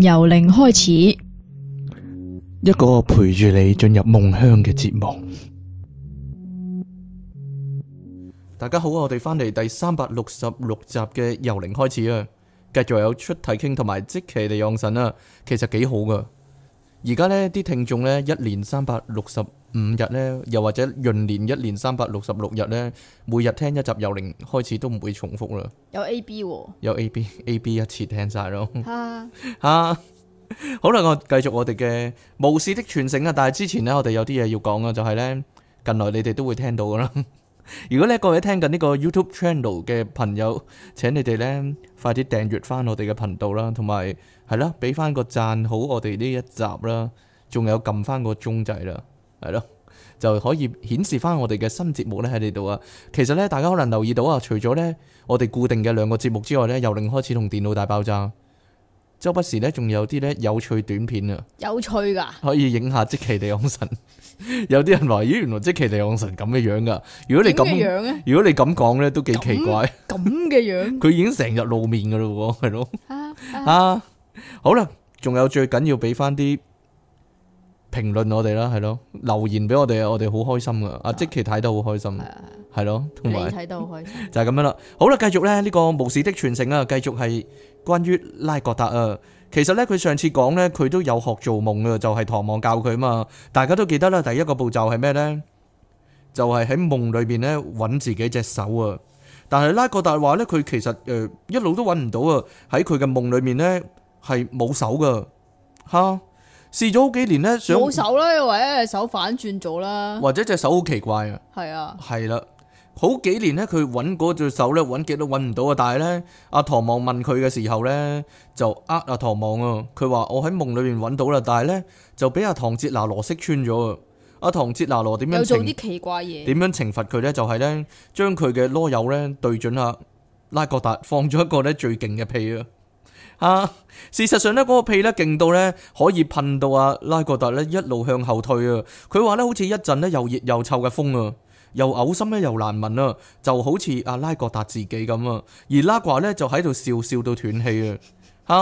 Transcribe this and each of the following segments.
由零開始，一個陪住你進入夢鄉嘅節目。大家好，我哋返嚟第三百六十六集嘅由零開始啊，繼續有出題傾同埋即期地養神啊，其實幾好噶。而家呢啲聽眾呢，一年三百六十。五日呢，又或者閏年一年三百六十六日呢，每日聽一集由零開始都唔會重複啦。有 A B、哦、有 A B A B 一次聽晒咯。吓，好啦，我繼續我哋嘅巫士的傳承啊。但係之前呢，我哋有啲嘢要講啊，就係呢，近來你哋都會聽到噶啦。如果呢各位聽緊呢個 YouTube Channel 嘅朋友，請你哋呢快啲訂閱翻我哋嘅頻道啦，同埋係啦俾翻個讚好我哋呢一集啦，仲有撳翻個鐘掣啦。係咯，就可以顯示翻我哋嘅新節目咧喺呢度啊！其實咧，大家可能留意到啊，除咗咧我哋固定嘅兩個節目之外咧，又另開始同電腦大爆炸。周不時咧，仲有啲咧有趣短片啊！有趣噶，可以影下《即奇地養神。》 有啲人話，咦，原來《即奇地養神》咁嘅樣噶？如果你咁樣咧，樣樣如果你咁講咧，都幾奇怪。咁嘅樣，樣，佢 已經成日露面噶咯喎，係咯、 啊？啊！ 好啦，仲有最緊要俾翻啲。評論我哋啦，係咯，留言俾我哋啊，我哋好開心噶。阿即琪睇得好開心，係咯，同埋睇到好開心，就係咁樣啦。好啦，繼續咧，呢個巫士的傳承啊，繼續係關於拉格達啊。其實咧，佢上次講咧，佢都有學做夢啊，就係唐望教佢啊嘛。大家都記得啦，第一個步驟係咩咧？就係喺夢裏邊咧揾自己隻手啊。但係拉格達話咧，佢其實誒一路都揾唔到啊。喺佢嘅夢裏面咧係冇手噶，哈。試咗好幾年咧，想冇手啦，或者手反轉咗啦，或者隻手好奇怪啊，係啊，係啦，好幾年咧，佢揾嗰隻手咧，揾極都揾唔到啊，但係咧，阿唐望問佢嘅時候咧，就呃阿唐望啊，佢話我喺夢裏面揾到啦，但係咧就俾阿唐哲拿羅識穿咗啊，阿唐哲拿羅點樣懲？做啲奇怪嘢。點樣懲罰佢咧？就係咧，將佢嘅囉柚咧對準阿拉各達，放咗一個咧最勁嘅屁啊！啊，事實上呢，嗰、嗰個屁呢勁到呢可以噴到阿拉國達呢一路向後退啊！佢話呢好似一陣呢又熱又臭嘅風啊，又嘔心呢又難聞啊，就好似阿拉國達自己咁啊！而拉瓜呢就喺度笑笑到斷氣啊！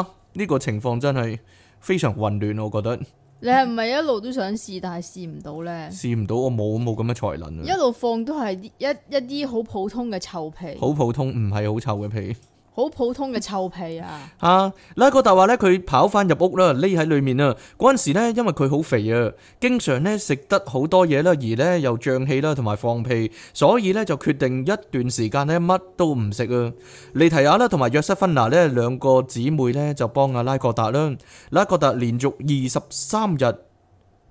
吓，呢個情況真係非常混亂，我覺得。你係咪一路都想試，但係試唔到呢？試唔到我，我冇冇咁嘅才能。啊。一路放都係一一啲好普通嘅臭屁。好普通，唔係好臭嘅屁。好普通嘅臭屁啊！啊，拉哥達話咧，佢跑翻入屋啦，匿喺裏面啊。嗰陣時咧，因為佢好肥啊，經常咧食得好多嘢啦，而咧又脹氣啦，同埋放屁，所以咧就決定一段時間咧乜都唔食啊。莉提亞啦，同埋約瑟芬娜咧兩個姊妹咧就幫阿拉哥達啦，拉哥達連續二十三日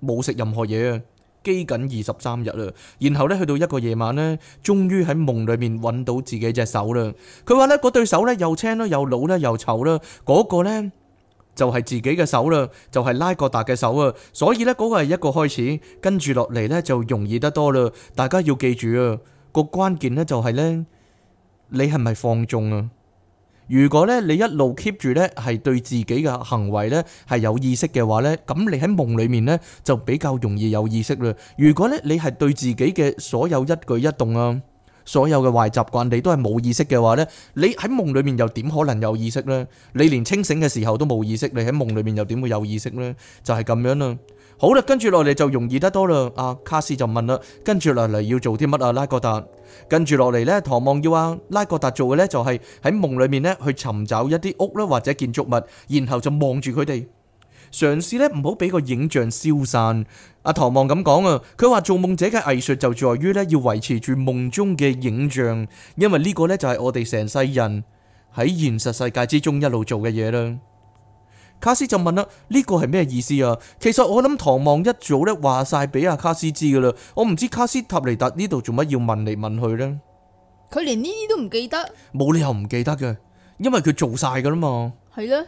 冇食任何嘢啊。基緊二十三日啦，然後咧去到一個夜晚咧，終於喺夢裏面揾到自己隻手啦。佢話咧嗰對手咧又青啦又老啦又醜啦，嗰個咧就係自己嘅手啦，就係拉各達嘅手啊。所以咧嗰個係一個開始，跟住落嚟咧就容易得多啦。大家要記住啊，個關鍵咧就係咧你係咪放縱啊？如果咧你一路 keep 住咧係對自己嘅行為咧係有意識嘅話咧，咁你喺夢裏面咧就比較容易有意識啦。如果咧你係對自己嘅所有一舉一動啊，所有嘅壞習慣你都係冇意識嘅話咧，你喺夢裏面又點可能有意識咧？你連清醒嘅時候都冇意識，你喺夢裏面又點會有意識咧？就係咁樣啦。好啦，跟住落嚟就容易得多啦。阿卡斯就問啦，跟住落嚟要做啲乜啊？拉格達，跟住落嚟呢，唐望要阿拉格達做嘅呢，就係喺夢裏面呢去尋找一啲屋啦或者建築物，然後就望住佢哋，嘗試呢，唔好俾個影像消散。阿唐望咁講啊，佢話做夢者嘅藝術就在於呢要維持住夢中嘅影像，因為呢個呢就係我哋成世人喺現實世界之中一路做嘅嘢啦。卡斯就問啦，呢個係咩意思啊？其實我諗唐望一早咧，話晒俾阿卡斯知噶啦，我唔知卡斯塔尼達呢度做乜要問嚟問去呢？佢連呢啲都唔記得，冇理由唔記得嘅，因為佢做晒噶啦嘛。係咧。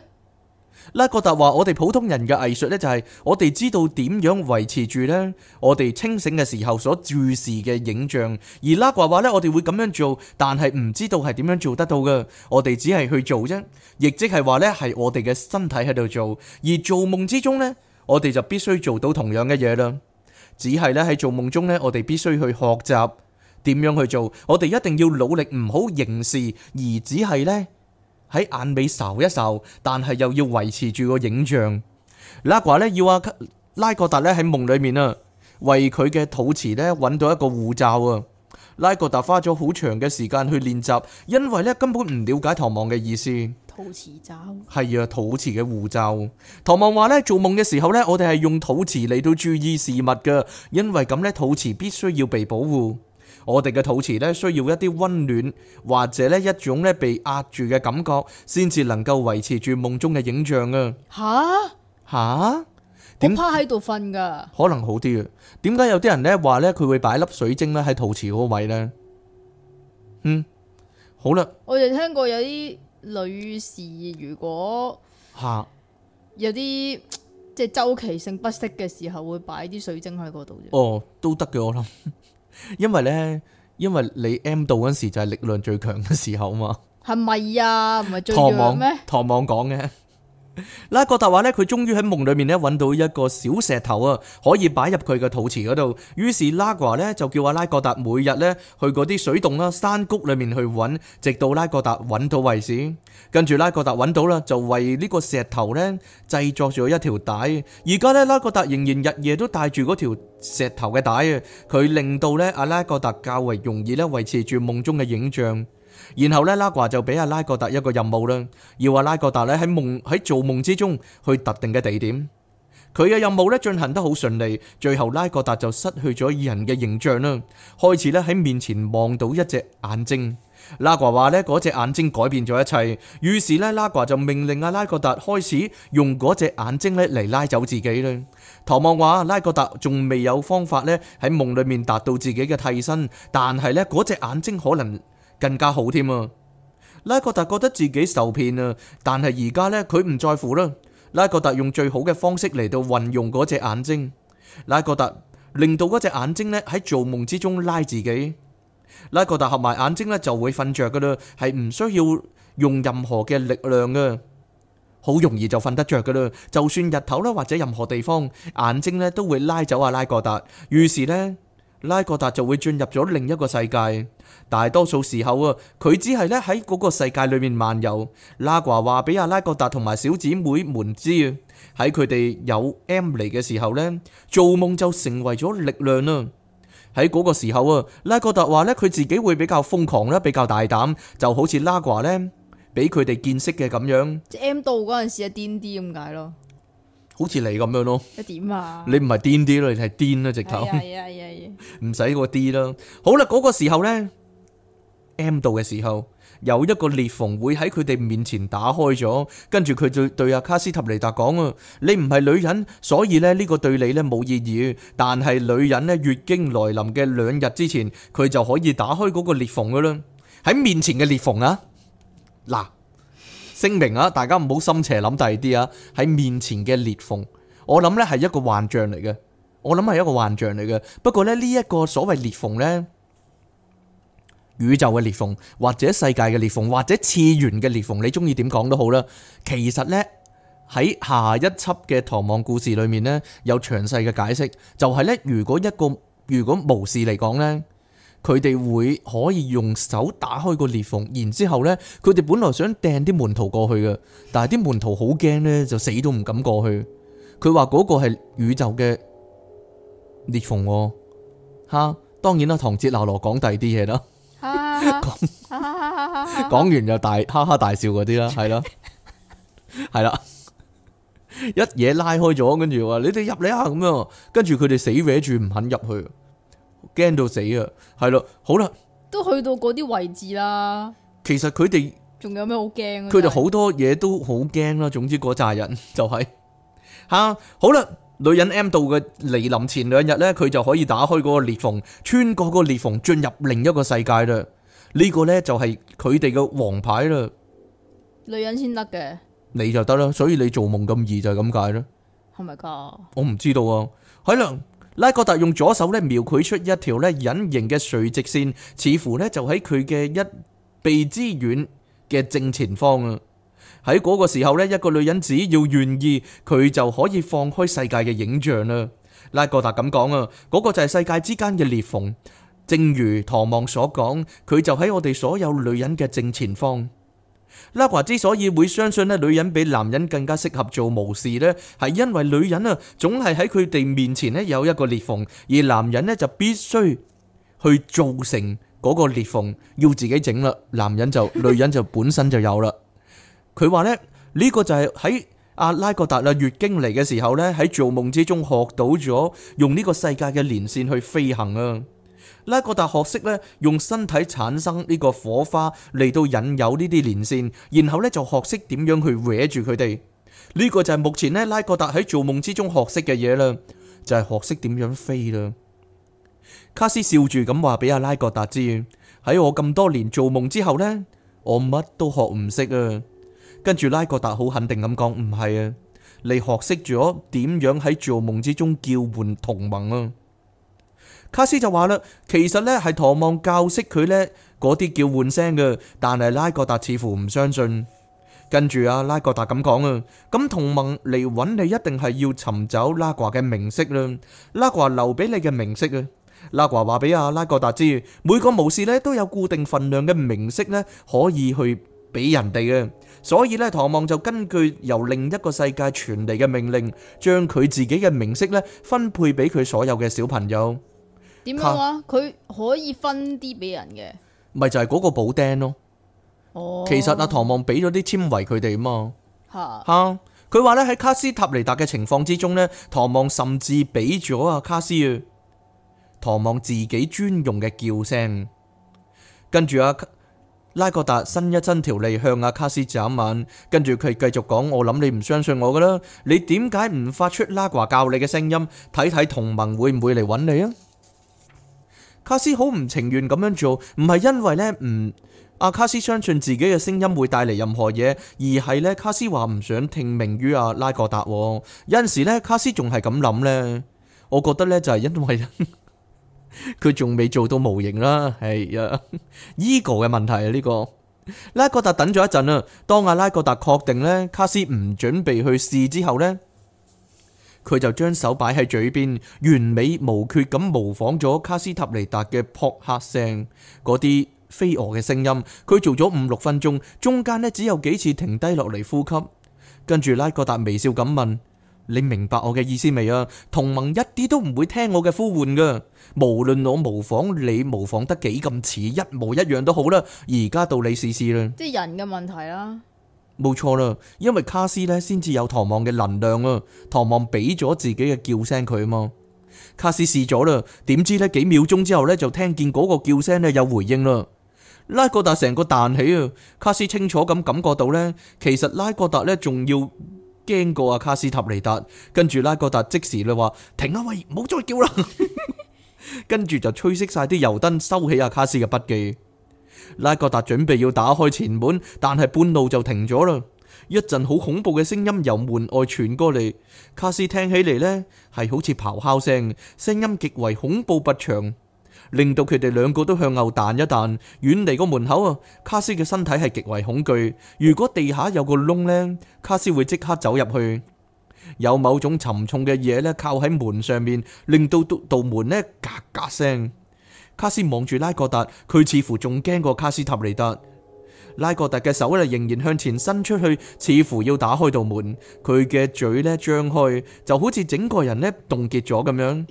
拉哥達話：我哋普通人嘅藝術咧，就係我哋知道點樣維持住咧，我哋清醒嘅時候所注視嘅影像。而拉哥話咧，我哋會咁樣做，但係唔知道係點樣做得到嘅。我哋只係去做啫，亦即係話咧，係我哋嘅身體喺度做。而做夢之中咧，我哋就必須做到同樣嘅嘢啦。只係咧喺做夢中咧，我哋必須去學習點樣去做。我哋一定要努力，唔好凝視，而只係咧。喺眼尾掃一掃，但係又要維持住個影像。拉華咧要阿、啊、拉國達咧喺夢裏面啊，為佢嘅肚臍咧搵到一個護罩啊。拉國達花咗好長嘅時間去練習，因為咧根本唔了解唐望嘅意思。肚臍罩係啊，肚臍嘅護罩。唐望話呢，做夢嘅時候呢，我哋係用肚臍嚟到注意事物嘅，因為咁呢，肚臍必須要被保護。我哋嘅肚臍咧需要一啲溫暖，或者咧一種咧被壓住嘅感覺，先至能夠維持住夢中嘅影像啊！吓吓哈？哈我趴喺度瞓噶，可能好啲啊。點解有啲人咧話咧佢會擺粒水晶咧喺肚臍嗰位呢？嗯，好啦，我就聽過有啲女士如果吓有啲即係周期性不適嘅時候，會擺啲水晶喺嗰度。哦，都得嘅，我諗。因為咧，因為你 M 到嗰時就係力量最強嘅時候啊嘛，係咪啊？唔係最弱咩？唐望講嘅。拉各達話咧，佢終於喺夢裏面咧揾到一個小石頭啊，可以擺入佢嘅肚臍嗰度。於是拉各達咧就叫阿拉各達每日咧去嗰啲水洞啦、山谷裏面去揾，直到拉各達揾到為止。跟住拉各達揾到啦，就為呢個石頭咧製作咗一條帶。而家咧拉各達仍然日夜都帶住嗰條石頭嘅帶啊，佢令到咧阿拉各達較為容易咧維持住夢中嘅影像。然後呢，拉華就俾阿拉哥達一個任務啦，要阿拉哥達咧喺夢喺做夢之中去特定嘅地點。佢嘅任務呢，進行得好順利，最後拉哥達就失去咗人嘅形象啦，開始呢，喺面前望到一隻眼睛。拉華話呢，嗰隻眼睛改變咗一切。於是呢，拉華就命令阿拉哥達開始用嗰隻眼睛咧嚟拉走自己啦。唐望話，拉哥達仲未有方法呢，喺夢裏面達到自己嘅替身，但係呢，嗰隻眼睛可能。更加好添啊！拉格達覺得自己受騙啊，但係而家呢，佢唔在乎啦。拉格達用最好嘅方式嚟到運用嗰隻眼睛，拉格達令到嗰隻眼睛呢，喺做夢之中拉自己。拉格達合埋眼睛呢，就會瞓着噶啦，係唔需要用任何嘅力量噶，好容易就瞓得着噶啦。就算日頭啦或者任何地方，眼睛呢都會拉走啊！拉格達，於是呢。拉格達就會進入咗另一個世界，大多數時候啊，佢只係咧喺嗰個世界裏面漫遊。拉瓜話俾阿拉格達同埋小姐妹們知啊，喺佢哋有 M 嚟嘅時候呢，做夢就成為咗力量啦。喺嗰個時候啊，拉格達話呢，佢自己會比較瘋狂啦，比較大膽，就好似拉瓜呢俾佢哋見識嘅咁樣。即 M 到嗰陣時啊，癲啲咁解咯。好似你咁樣咯，你點啊？你唔係癲啲咯，你係癲啦直頭。係啊係啊係。唔使個啲啦。好啦，嗰個時候咧，M 度嘅時候，有一個裂縫會喺佢哋面前打開咗。跟住佢就對阿卡斯塔尼達講啊，你唔係女人，所以咧呢個對你咧冇意義。但係女人咧月經來臨嘅兩日之前，佢就可以打開嗰個裂縫噶啦，喺面前嘅裂縫啊。嗱。聲明啊，大家唔好心邪諗第二啲啊！喺面前嘅裂縫，我諗呢係一個幻象嚟嘅，我諗係一個幻象嚟嘅。不過呢，呢一個所謂裂縫呢，宇宙嘅裂縫，或者世界嘅裂縫，或者次元嘅裂縫，你中意點講都好啦。其實呢，喺下一輯嘅《唐望故事》裏面呢，有詳細嘅解釋，就係呢：如果一個如果無視嚟講呢。佢哋會可以用手打開個裂縫，然之後咧，佢哋本來想掟啲門徒過去嘅，但係啲門徒好驚咧，就死都唔敢過去。佢話嗰個係宇宙嘅裂縫哦，吓！當然啦，唐哲拿羅講第二啲嘢啦，講講 完就大哈哈大笑嗰啲啦，係咯，係啦，一嘢拉開咗，跟住話你哋入嚟啊咁樣，跟住佢哋死搲住唔肯入去。驚到死啊！係咯，好啦，都去到嗰啲位置啦。其實佢哋仲有咩好驚啊？佢哋好多嘢都好驚啦。總之嗰扎人就係、是、吓、 啊，好啦，女人 M 到嘅來臨前兩日咧，佢就可以打開嗰個裂縫，穿過個裂縫進入另一個世界啦。這個、呢個咧就係佢哋嘅王牌啦。女人先得嘅，你就得啦。所以你做夢咁易就係咁解啦。係咪噶？我唔知道啊。係啦。拉格達用左手咧描繪出一條咧隱形嘅垂直線，似乎咧就喺佢嘅一臂之遠嘅正前方啊！喺嗰個時候咧，一個女人只要願意，佢就可以放開世界嘅影像啦。拉格達咁講啊，嗰、那個就係世界之間嘅裂縫，正如唐望所講，佢就喺我哋所有女人嘅正前方。拉華之所以會相信咧，女人比男人更加適合做巫士呢，係因為女人啊，總係喺佢哋面前咧有一個裂縫，而男人呢就必須去造成嗰個裂縫，要自己整啦。男人就，女人就本身就有啦。佢話呢，呢、呢個就係喺阿拉格達啊月經嚟嘅時候呢，喺做夢之中學到咗用呢個世界嘅連線去飛行啊。拉格達學識咧用身體產生呢個火花嚟到引誘呢啲連線，然後咧就學識點樣去搲住佢哋。呢、這個就係目前咧拉格達喺做夢之中學識嘅嘢啦，就係、是、學識點樣飛啦。卡斯笑住咁話俾阿拉格達知：喺我咁多年做夢之後呢，我乜都學唔識啊。跟住拉格達好肯定咁講：唔係啊，你學識咗點樣喺做夢之中叫喚同盟啊。卡斯就話啦，其實咧係唐望教識佢咧，嗰啲叫換聲嘅。但係拉各達似乎唔相信。跟住阿拉各達咁講啊，咁同盟嚟搵你一定係要尋找拉瓜嘅名色啦，拉瓜留俾你嘅名色啊。拉瓜話俾阿拉各達知，每個巫士咧都有固定份量嘅名色咧，可以去俾人哋嘅。所以咧，唐望就根據由另一個世界傳嚟嘅命令，將佢自己嘅名色咧分配俾佢所有嘅小朋友。點啊？佢卡 可以分啲俾人嘅，咪就係嗰個補釘咯。哦、其實阿、啊、唐望俾咗啲纖維佢哋啊嘛。吓哈，佢話呢，喺卡斯塔尼達嘅情況之中呢，唐望甚至俾咗阿卡斯啊唐望自己專用嘅叫聲。跟住阿拉各達伸一伸條脷向阿、啊、卡斯眨眼，跟住佢繼續講：我諗你唔相信我噶啦，你點解唔發出拉瓜教你嘅聲音？睇睇同盟會唔會嚟揾你啊！卡斯好唔情願咁樣做，唔係因為呢。唔、嗯、阿卡斯相信自己嘅聲音會帶嚟任何嘢，而係呢。卡斯話唔想聽命於阿拉格達。有陣時咧，卡斯仲係咁諗呢。我覺得呢，就係因為佢仲未做到模型啦，係啊，ego 嘅問題啊呢、呢個。拉格達等咗一陣啊。當阿拉格達確定呢，卡斯唔準備去試之後呢。佢就將手擺喺嘴邊，完美無缺咁模仿咗卡斯塔尼達嘅撲吓聲，嗰啲飛蛾嘅聲音。佢做咗五六分鐘，中間呢，只有幾次停低落嚟呼吸。跟住拉哥達微笑咁問，你明白我嘅意思未啊？同盟一啲都唔會聽我嘅呼喚噶，無論我模仿你模仿得幾咁似，一模一樣都好啦。而家到你試試啦。即係人嘅問題啦。冇錯啦，因為卡斯咧先至有唐望嘅能量啊，唐望俾咗自己嘅叫聲佢啊嘛，卡斯試咗啦，點知呢幾秒鐘之後呢，就聽見嗰個叫聲呢有回應啦，拉哥達成個彈起啊，卡斯清楚咁感覺到呢，其實拉哥達呢仲要驚過啊卡斯塔尼達，跟住拉哥達即時咧話 停啊喂，唔好再叫啦，跟 住就吹熄晒啲油燈，收起啊卡斯嘅筆記。拉格達準備要打開前門，但係半路就停咗啦。一陣好恐怖嘅聲音由門外傳過嚟，卡斯聽起嚟呢係好似咆哮聲，聲音極為恐怖不祥，令到佢哋兩個都向後彈一彈，遠離個門口啊。卡斯嘅身體係極為恐懼，如果地下有個窿呢，卡斯會即刻走入去。有某種沉重嘅嘢呢，靠喺門上面，令到道度門呢嘎嘎聲。卡斯望住拉各達，佢似乎仲驚過卡斯塔尼達。拉各達嘅手咧仍然向前伸出去，似乎要打開道門。佢嘅嘴咧張開，就好似整個人咧凍結咗咁樣。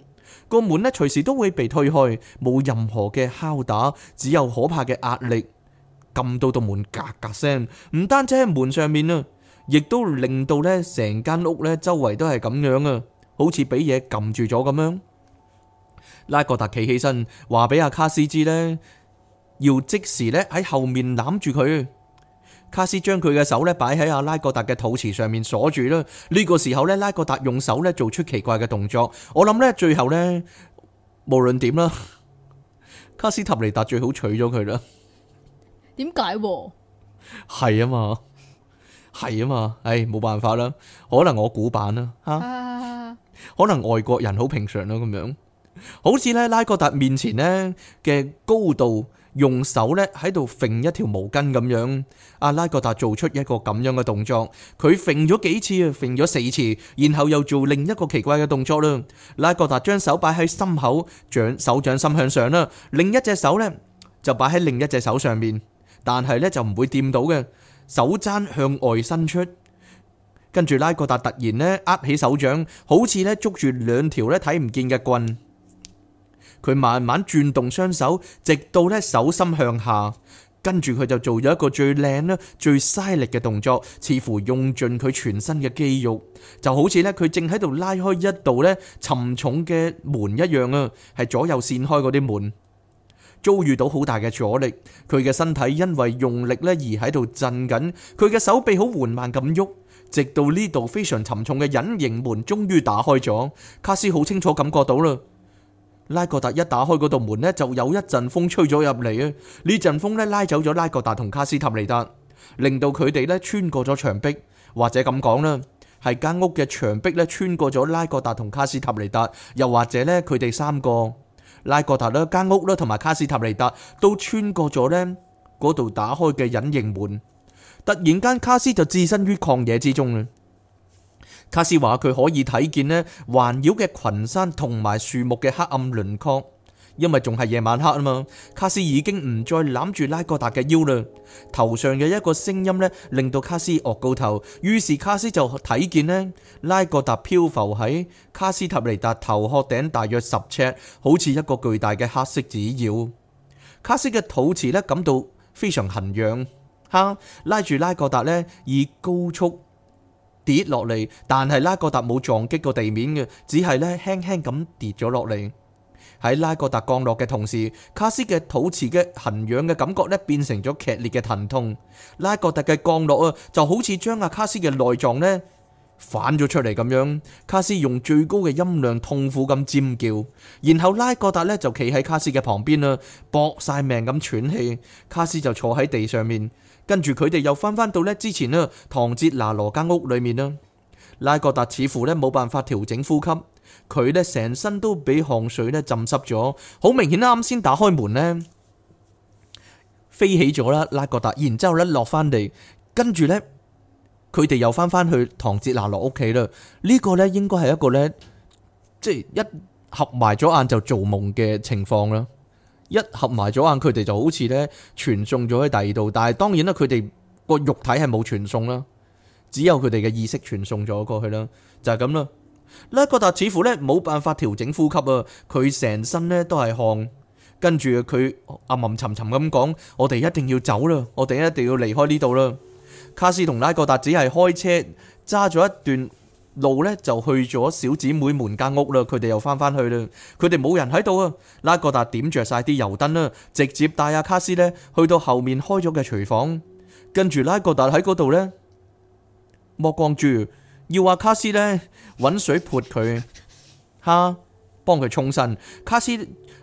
個門咧隨時都會被推開，冇任何嘅敲打，只有可怕嘅壓力。撳到道門嘎嘎聲，唔單止喺門上面啊，亦都令到咧成間屋咧周圍都係咁樣啊，好似俾嘢撳住咗咁樣。拉格達企起身，話俾阿卡斯知呢，要即時呢喺後面攬住佢。卡斯將佢嘅手呢擺喺阿拉格達嘅肚臍上面鎖住啦。呢、呢個時候呢，拉格達用手呢做出奇怪嘅動作。我諗呢，最後呢，無論點啦，卡斯塔尼達最好娶咗佢啦。點解？係啊 嘛，係啊嘛，唉、哎，冇辦法啦，可能我古板啦，吓， 可能外國人好平常啦，咁樣。好似咧，拉格達面前咧嘅高度，用手咧喺度揈一條毛巾咁樣。阿拉格達做出一個咁樣嘅動作，佢揈咗幾次啊，揈咗四次，然後又做另一個奇怪嘅動作啦。拉格達將手擺喺心口，掌手掌心向上啦，另一隻手咧就擺喺另一隻手上面，但係咧就唔會掂到嘅，手踭向外伸出，跟住拉格達突然咧握起手掌，好似咧捉住兩條咧睇唔見嘅棍。佢慢慢轉動雙手，直到咧手心向下，跟住佢就做咗一個最靚咧、最犀利嘅動作，似乎用盡佢全身嘅肌肉，就好似咧佢正喺度拉開一道咧沉重嘅門一樣啊！係左右扇開嗰啲門，遭遇到好大嘅阻力，佢嘅身體因為用力咧而喺度震緊，佢嘅手臂好緩慢咁喐，直到呢度非常沉重嘅隱形門終於打開咗，卡斯好清楚感覺到啦。拉各達一打開嗰道門呢，就有一陣風吹咗入嚟啊！呢陣風呢，拉走咗拉各達同卡斯塔尼達，令到佢哋呢，穿過咗牆壁，或者咁講啦，係間屋嘅牆壁呢，穿過咗拉各達同卡斯塔尼達，又或者呢，佢哋三個拉各達呢間屋啦同埋卡斯塔尼達都穿過咗呢度打開嘅隱形門，突然間卡斯就置身於曠野之中啦。卡斯話佢可以睇見呢環繞嘅群山同埋樹木嘅黑暗輪廓，因為仲係夜晚黑啊嘛。卡斯已經唔再攬住拉格達嘅腰啦，頭上嘅一個聲音呢，令到卡斯惡高頭，於是卡斯就睇見呢，拉格達漂浮喺卡斯塔尼達頭殼頂大約十尺，好似一個巨大嘅黑色紙妖。卡斯嘅肚臍呢，感到非常痕癢，哈拉住拉格達呢，以高速。跌落嚟，但係拉格達冇撞擊個地面嘅，只係咧輕輕咁跌咗落嚟。喺拉格達降落嘅同時，卡斯嘅肚臍嘅痕癢嘅感覺咧變成咗劇烈嘅疼痛。拉格達嘅降落啊，就好似將阿卡斯嘅內臟咧反咗出嚟咁樣。卡斯用最高嘅音量痛苦咁尖叫，然後拉格達咧就企喺卡斯嘅旁邊啦，搏晒命咁喘氣。卡斯就坐喺地上面。跟住佢哋又翻返到呢之前呢唐哲拿羅間屋裏面啦，拉各達似乎呢冇辦法調整呼吸，佢呢成身都俾汗水呢浸濕咗，好明顯啱先打開門呢飛起咗啦，拉各達，然之後呢落翻嚟，跟住呢佢哋又翻返去唐哲拿羅屋企啦，呢個呢應該係一個呢即係一合埋咗眼就做夢嘅情況啦。一合埋咗眼，佢哋就好似咧傳送咗喺第二度，但係當然啦，佢哋個肉體係冇傳送啦，只有佢哋嘅意識傳送咗過去啦，就係咁啦。拉格達似乎咧冇辦法調整呼吸啊，佢成身咧都係汗，跟住佢暗暗沉沉咁講：我哋一定要走啦，我哋一定要離開呢度啦。卡斯同拉格達只係開車揸咗一段。路呢就去咗小姐妹們間屋啦，佢哋又翻返去啦，佢哋冇人喺度啊！拉格達點着晒啲油燈啦，直接帶阿卡斯呢去到後面開咗嘅廚房，跟住拉格達喺嗰度呢，莫光住要阿卡斯呢揾水潑佢，哈，幫佢沖身，卡斯。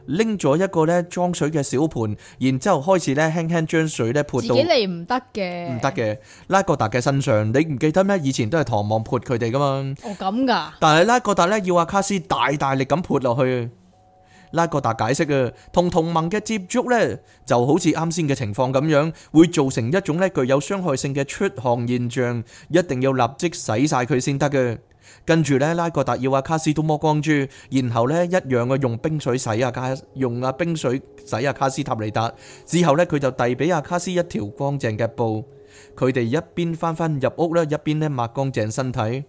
拎咗一個咧，裝水嘅小盆，然之後開始咧輕輕將水咧潑到自己嚟，唔得嘅，唔得嘅拉格達嘅身上。你唔記得咩？以前都係唐望潑佢哋噶嘛？哦，咁噶。但係拉格達咧，要阿卡斯大大力咁潑落去。拉格達解釋啊，同同盟嘅接觸咧就好似啱先嘅情況咁樣，會造成一種咧具有傷害性嘅出汗現象，一定要立即洗晒佢先得嘅。跟住呢，拉各達要阿卡斯都摸光珠，然後呢一樣嘅用冰水洗啊，卡用阿冰水洗阿卡斯塔尼達之後呢，佢就遞俾阿卡斯一條乾淨嘅布。佢哋一邊翻返入屋咧，一邊呢抹乾淨身體。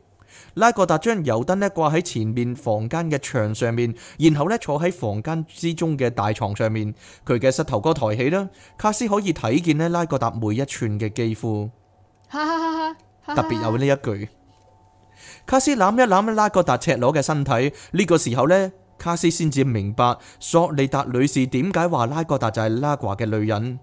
拉各達將油燈呢掛喺前面房間嘅牆上面，然後呢坐喺房間之中嘅大床上面，佢嘅膝頭哥抬起啦，卡斯可以睇見呢拉各達每一寸嘅肌膚， 特別有呢一句。卡斯攬一攬拉哥達赤裸嘅身體，呢、這個時候呢，卡斯先至明白索利達女士點解話拉哥達就係拉瓜嘅女人，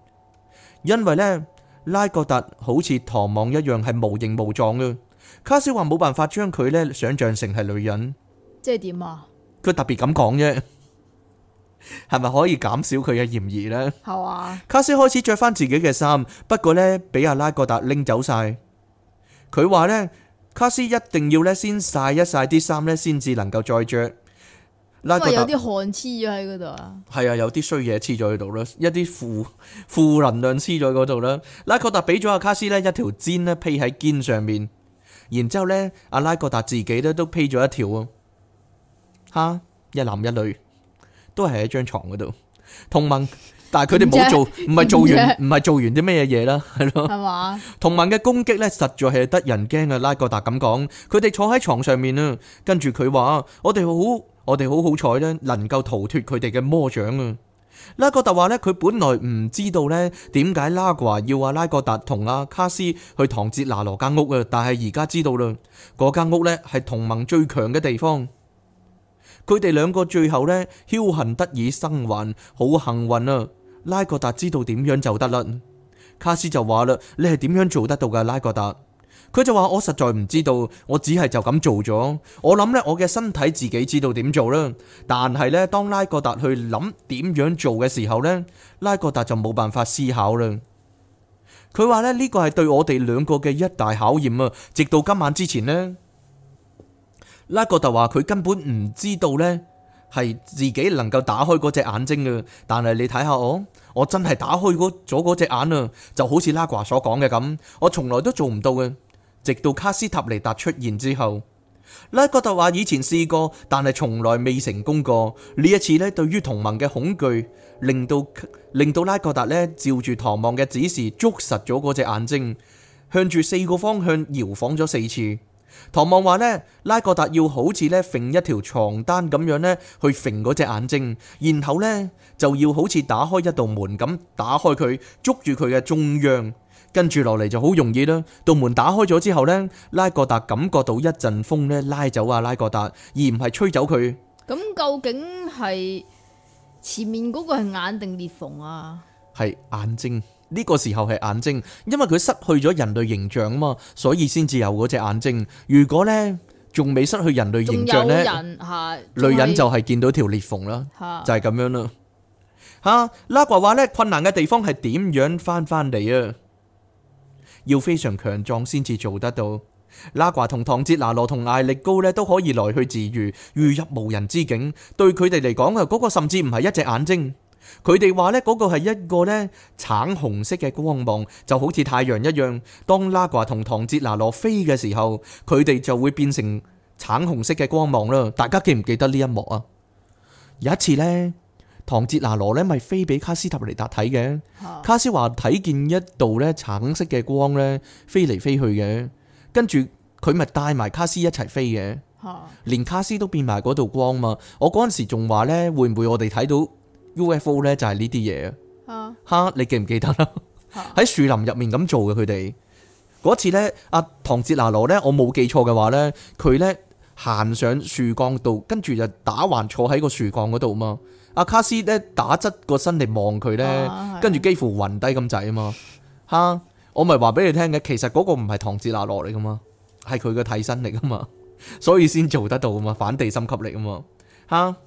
因為呢，拉哥達好似唐望一樣係無形無狀啊！卡斯話冇辦法將佢咧想象成係女人，即係點啊？佢特別咁講啫，係 咪可以減少佢嘅嫌疑呢？啊、卡斯開始着翻自己嘅衫，不過呢，俾阿拉哥達拎走晒，佢話呢。卡斯一定要咧，先曬一曬啲衫咧，先至能夠再着。拉克達有啲汗黐咗喺嗰度啊！係啊，有啲衰嘢黐咗喺度啦，一啲負負能量黐咗喺嗰度啦。拉克達俾咗阿卡斯咧一條氈咧披喺肩上面，然之後咧，阿拉克達自己咧都披咗一條啊，吓，一男一女都係喺張床嗰度同瞓。但係佢哋冇做，唔係做完，唔係做完啲咩嘢嘢啦，係咯？係嘛？同盟嘅攻擊呢，實在係得人驚啊！拉格達咁講，佢哋坐喺床上面啊，跟住佢話，我哋好，我哋好好彩呢，能夠逃脫佢哋嘅魔掌啊！拉格達話呢，佢本來唔知道呢，點解拉格華要阿拉格達同阿卡斯去唐哲拿羅間屋啊，但係而家知道啦，嗰間屋呢係同盟最強嘅地方。佢哋兩個最後呢，僥倖得以生還，好幸運啊！拉格達知道點樣就得啦，卡斯就話啦，你係點樣做得到噶？拉格達，佢就話我實在唔知道，我只係就咁做咗。我諗呢，我嘅身體自己知道點做啦。但係呢，當拉格達去諗點樣做嘅時候呢，拉格達就冇辦法思考啦。佢話呢，呢個係對我哋兩個嘅一大考驗啊！直到今晚之前呢，拉格達話佢根本唔知道呢。係自己能夠打開嗰隻眼睛嘅，但係你睇下我，我真係打開咗嗰隻眼啊！就好似拉格達所講嘅咁，我從來都做唔到嘅，直到卡斯塔尼達出現之後，拉格達話以前試過，但係從來未成功過。呢一次呢，對於同盟嘅恐懼，令到令到拉格達呢照住唐望嘅指示捉實咗嗰隻眼睛，向住四個方向搖晃咗四次。唐望話呢，拉格達要好似咧，揈一條床單咁樣咧，去揈嗰隻眼睛，然後咧就要好似打開一道門咁，打開佢，捉住佢嘅中央，跟住落嚟就好容易啦。道門打開咗之後呢，拉格達感覺到一陣風咧，拉走阿拉格達，而唔係吹走佢。咁究竟係前面嗰個係眼定裂縫啊？係眼睛。呢個時候係眼睛，因為佢失去咗人類形象啊嘛，所以先至有嗰隻眼睛。如果咧仲未失去人類形象咧，女人就係見到條裂縫啦，就係咁樣啦。吓，拉呱話咧困難嘅地方係點樣翻返嚟啊？要非常強壯先至做得到。拉呱同唐哲拿羅同艾力高咧都可以來去自如，如入無人之境。對佢哋嚟講啊，嗰個甚至唔係一隻眼睛。佢哋話呢嗰個係一個呢橙紅色嘅光芒，就好似太陽一樣。當拉瓜同唐哲拿羅飛嘅時候，佢哋就會變成橙紅色嘅光芒啦。大家記唔記得呢一幕啊？有一次呢，唐哲拿羅呢咪飛俾卡斯塔尼達睇嘅，卡斯話睇見一道呢橙色嘅光呢，飛嚟飛去嘅，跟住佢咪帶埋卡斯一齊飛嘅，連卡斯都變埋嗰道光嘛。我嗰陣時仲話呢，會唔會我哋睇到？UFO 咧就係呢啲嘢，哈、啊、你記唔記得啦？喺 樹林入面咁做嘅，佢哋嗰次咧，阿唐哲拿羅咧，我冇記錯嘅話咧，佢咧行上樹幹度，跟住就打橫坐喺個樹幹嗰度嘛。阿卡斯咧打側個身嚟望佢咧，跟住、啊、幾乎暈低咁滯啊嘛。哈， 我咪話俾你聽嘅，其實嗰個唔係唐哲拿羅嚟噶嘛，係佢嘅替身嚟噶嘛，所以先做得到啊嘛，反地心吸力啊嘛，哈。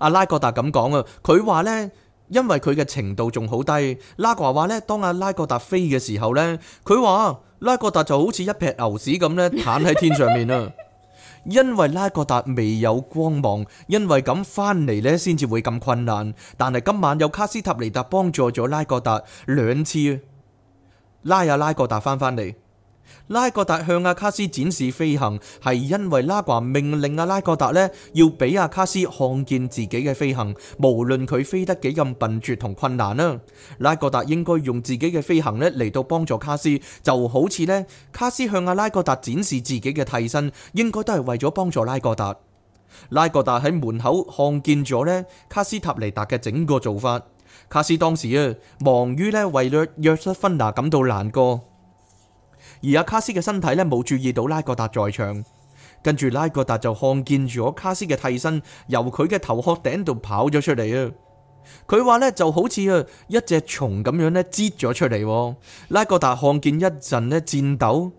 阿拉格達咁講啊，佢話呢，因為佢嘅程度仲好低。拉哥話呢，當阿拉格達飛嘅時候呢，佢話拉格達就好似一撇牛屎咁呢，彈喺天上面啊。 因為拉格達未有光芒，因為咁翻嚟呢先至會咁困難。但係今晚有卡斯塔尼達幫助咗拉格達兩次，拉啊拉格達翻返嚟。拉各達向阿卡斯展示飛行，係因為拉瓜命令阿拉各達咧，要俾阿卡斯看見自己嘅飛行，無論佢飛得幾咁笨拙同困難啊！拉各達應該用自己嘅飛行咧嚟到幫助卡斯，就好似咧卡斯向阿拉各達展示自己嘅替身，應該都係為咗幫助拉各達。拉各達喺門口看見咗咧卡斯塔尼達嘅整個做法，卡斯當時啊忙於咧為略約瑟芬娜感到難過。而阿卡斯嘅身體咧冇注意到拉各達在場，跟住拉各達就看見咗卡斯嘅替身由佢嘅頭殼頂度跑咗出嚟啊！佢話咧就好似啊一隻蟲咁樣咧擠咗出嚟。拉各達看見一陣咧顫抖，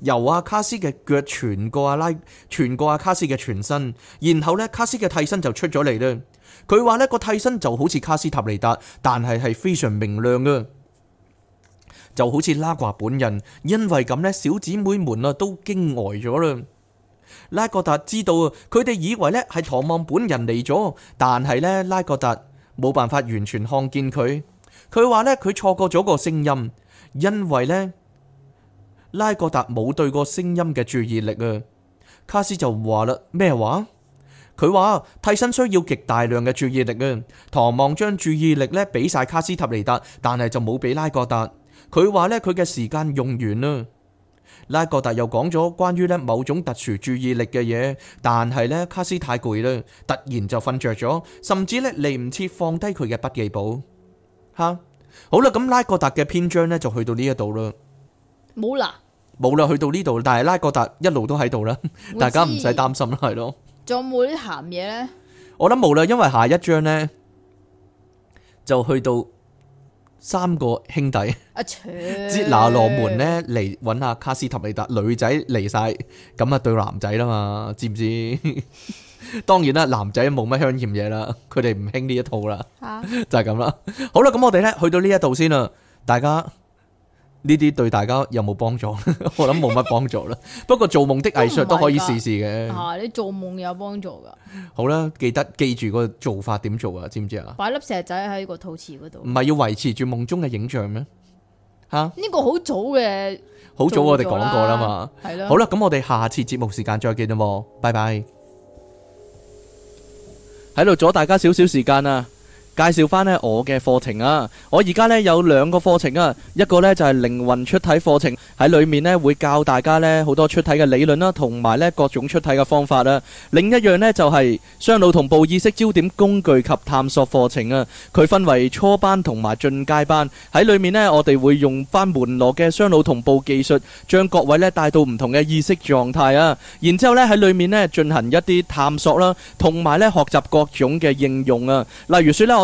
由阿卡斯嘅腳傳過阿拉傳過阿卡斯嘅全身，然後咧卡斯嘅替身就出咗嚟啦。佢話呢個替身就好似卡斯塔尼達，但係係非常明亮啊！就好似拉瓜本人，因為咁呢，小姊妹們啊都驚呆咗啦。拉格達知道佢哋以為呢係唐望本人嚟咗，但係呢，拉格達冇辦法完全看見佢。佢話呢，佢錯過咗個聲音，因為呢，拉格達冇對個聲音嘅注意力啊。卡斯就話啦，咩話？佢話替身需要極大量嘅注意力啊。唐望將注意力咧俾晒卡斯塔尼達，但係就冇俾拉格達。佢話呢，佢嘅時間用完啦。拉格達又講咗關於呢某種特殊注意力嘅嘢，但係呢，卡斯太攰啦，突然就瞓着咗，甚至呢嚟唔切放低佢嘅筆記簿。吓，好啦，咁拉格達嘅篇章呢就去到呢一度啦。冇啦，冇啦，去到呢度，但係拉格達一路都喺度啦，大家唔使擔心啦，係咯。仲有冇啲鹹嘢呢？我諗冇啦，因為下一章呢就去到。三個兄弟，阿哲、啊、拿羅門咧嚟揾下卡斯塔尼達，女仔嚟晒，咁啊對男仔啦嘛，知唔知？ 當然啦，男仔冇乜香艷嘢啦，佢哋唔興呢一套啦，啊、就係咁啦。好啦，咁我哋咧去到呢一度先啦，大家。呢啲對大家有冇幫助？ 我諗冇乜幫助啦。 不過做夢的藝術都可以試試嘅。吓、啊，你做夢有幫助噶。好啦，記得記住個做法點做啊？知唔知啊？擺粒石仔喺個肚臍嗰度。唔係要維持住夢中嘅影像咩？吓？呢個好早嘅。好早我哋講過啦嘛。係咯。好啦，咁我哋下次節目時間再見啦，拜拜。喺度阻大家少少時間啊！介紹翻咧我嘅課程啊！我而家咧有兩個課程啊，一個咧就係靈魂出體課程，喺裡面咧會教大家咧好多出體嘅理論啦，同埋咧各種出體嘅方法啊。另一樣咧就係雙腦同步意識焦點工具及探索課程啊，佢分為初班同埋進階班。喺裡面咧，我哋會用返門羅嘅雙腦同步技術，將各位咧帶到唔同嘅意識狀態啊。然之後咧喺裡面咧進行一啲探索啦，同埋咧學習各種嘅應用啊。例如説咧我。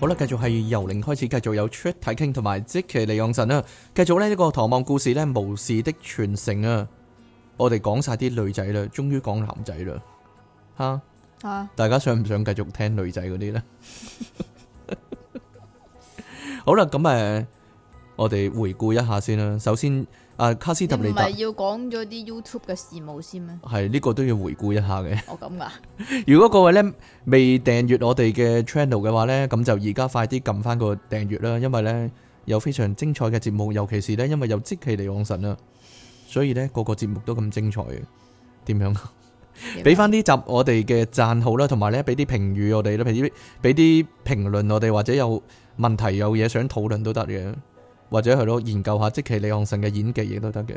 好啦，繼續係由零開始，繼續有出睇傾，同埋即其利用神啦。繼續咧呢個《唐望故事》呢，巫士的傳承啊！我哋講晒啲女仔啦，終於講男仔啦，吓吓，大家想唔想繼續聽女仔嗰啲咧？ 好啦，咁誒，我哋回顧一下先啦，首先。啊，卡斯特利特，你唔係要講咗啲 YouTube 嘅事務先咩？係呢、這個都要回顧一下嘅。我咁噶。如果各位呢未訂閱我哋嘅 channel 嘅話呢，咁就而家快啲撳翻個訂閱啦，因為呢，有非常精彩嘅節目，尤其是呢，因為有即期嚟往神啦、啊，所以呢，個個節目都咁精彩嘅。點樣？俾翻啲集我哋嘅讚好啦，同埋呢，俾啲評語我哋啦，俾啲俾啲評論我哋，或者有問題有嘢想討論都得嘅。或者係咯，研究下即其李昂臣嘅演技亦都得嘅，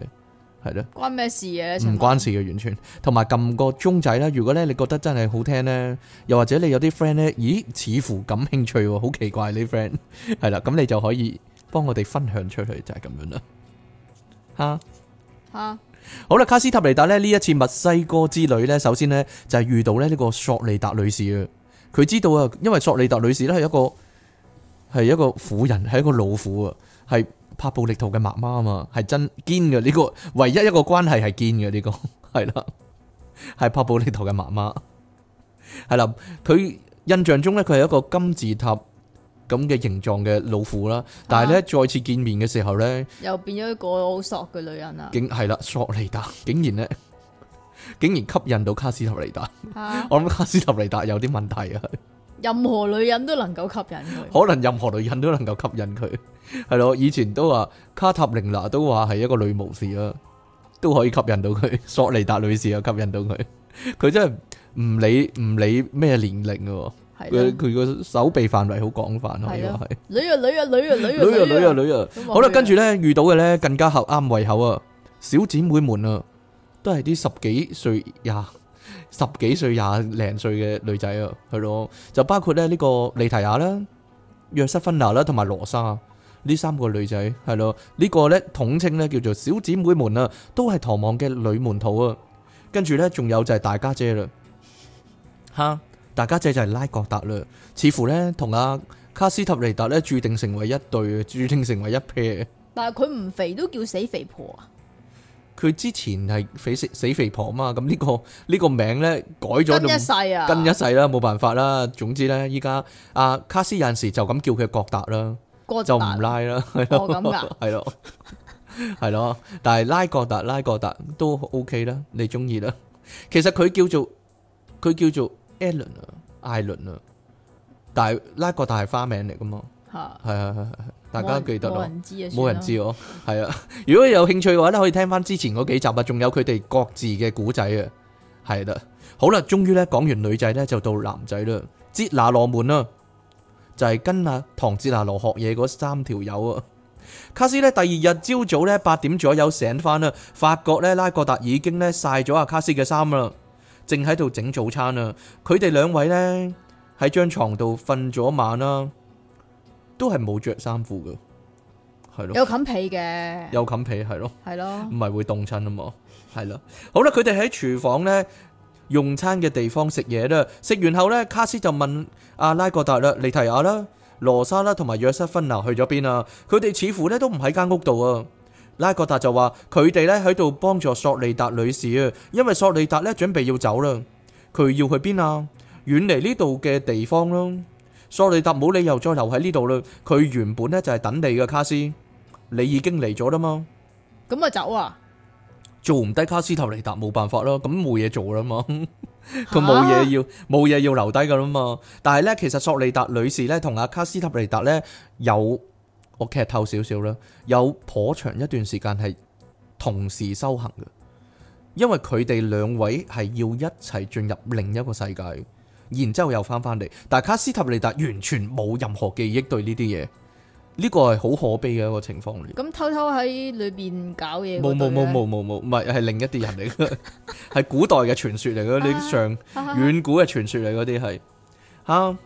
係咯。關咩事嘅？啊，唔關事嘅，完全。同埋撳個鐘仔啦。如果咧你覺得真係好聽呢，又或者你有啲 friend 咧，咦，似乎感興趣，好奇怪呢。friend。 係啦，咁你就可以幫我哋分享出去，就係、是、咁樣啦。吓 吓、啊，好啦，卡斯塔尼達呢，呢一次墨西哥之旅呢，首先呢，就係、是、遇到咧呢個索利達女士啊。佢知道啊，因為索利達女士呢，係一個係一個婦人，係一個老婦啊。係帕布利圖嘅媽媽啊嘛，係真堅嘅呢個，唯一一個關係係堅嘅呢個，係啦，係帕布利圖嘅媽媽，係啦，佢印象中咧佢係一個金字塔咁嘅形狀嘅老虎啦，但係咧、啊、再次見面嘅時候咧，又變咗一個好索嘅女人啊，竟係啦，索莉達竟然咧，竟然吸引到卡斯托莉達，啊、我諗卡斯托莉達有啲問題啊。任何女人都能夠吸引佢，可能任何女人都能夠吸引佢，係 咯？以前都話卡塔琳娜都話係一個女巫士啦，都可以吸引到佢，索尼達女士又吸引到佢，佢 真係唔理唔理咩年齡嘅，佢佢個手臂範圍廣的的好廣泛咯，係啊係，女啊女啊女啊女啊女啊女啊，好啦，跟住咧遇到嘅咧更加合啱胃口啊，小姐妹們啊，都係啲十幾歲廿。 十幾歲廿零歲嘅女仔啊，係咯，就包括咧呢個莉提亞啦、約瑟芬娜啦同埋羅莎呢三個女仔，係咯，呢個咧統稱咧叫做小姐妹們啊，都係唐望嘅女門徒啊，跟住咧仲有就係大家姐啦，吓哈，大家姐就係拉各達啦，似乎咧同阿卡斯塔尼達咧注定成為一對，注定成為一撇。但係佢唔肥都叫死肥婆啊！佢之前係肥死肥婆啊嘛，咁呢個呢個名咧改咗就跟一世啊，跟一世啦，冇辦法啦。總之咧，依家阿卡斯有陣時就咁叫佢郭達啦，就唔拉啦，係咯，係咯，係咯。但係拉郭達，拉郭達都 OK 啦，你中意啦。其實佢叫做佢叫做 Alan 啊，艾倫啊，但係拉郭達係花名嚟噶嘛。係啊係係，大家記得咯，冇人，人知，人知我。係啊。如果有興趣嘅話咧，可以聽翻之前嗰幾集啊,仲有佢哋各自嘅古仔啊，係啦。好啦，終於咧講完女仔呢，就到男仔啦,哲拿羅門啦，就係、是、跟阿唐哲拿羅學嘢嗰三條友啊。卡斯呢，第二日朝早呢，八點左右醒翻啦，發覺呢，拉各達已經呢曬咗阿卡斯嘅衫啦，正喺度整早餐啦。佢哋兩位呢，喺張床度瞓咗晚啦。都係冇着衫褲嘅，係咯，有冚被嘅，有冚被係咯，係咯，唔係會凍親啊嘛，係啦，好啦，佢哋喺廚房咧用餐嘅地方食嘢啦，食完後咧，卡斯就問阿拉格達啦，尼提亞啦，羅莎啦同埋約瑟芬娜去咗邊啊？佢哋似乎咧都唔喺間屋度啊。拉格達就話佢哋咧喺度幫助索利達女士啊，因為索利達咧準備要走啦，佢要去邊啊？遠離呢度嘅地方咯。索利達冇理由再留喺呢度啦，佢原本呢就係等你嘅卡斯，你已經嚟咗啦嘛，咁啊，走啊，做唔低卡斯塔尼達冇辦法啦，咁冇嘢做啦嘛，佢冇嘢要，冇嘢、啊、要留低噶啦嘛，但係呢，其實索利達女士呢同阿卡斯塔尼達呢，有我劇透少少啦，有頗長一段時間係同時修行嘅，因為佢哋兩位係要一齊進入另一個世界。然之後又翻返嚟，但係卡斯塔利達完全冇任何記憶對呢啲嘢，呢、這個係好可悲嘅一個，個情況嚟。咁偷偷喺裏邊搞嘢沒？冇冇冇冇冇冇，唔係係另一啲人嚟嘅，係 古代嘅傳說嚟嘅，你 上遠古嘅傳說嚟嗰啲係嚇。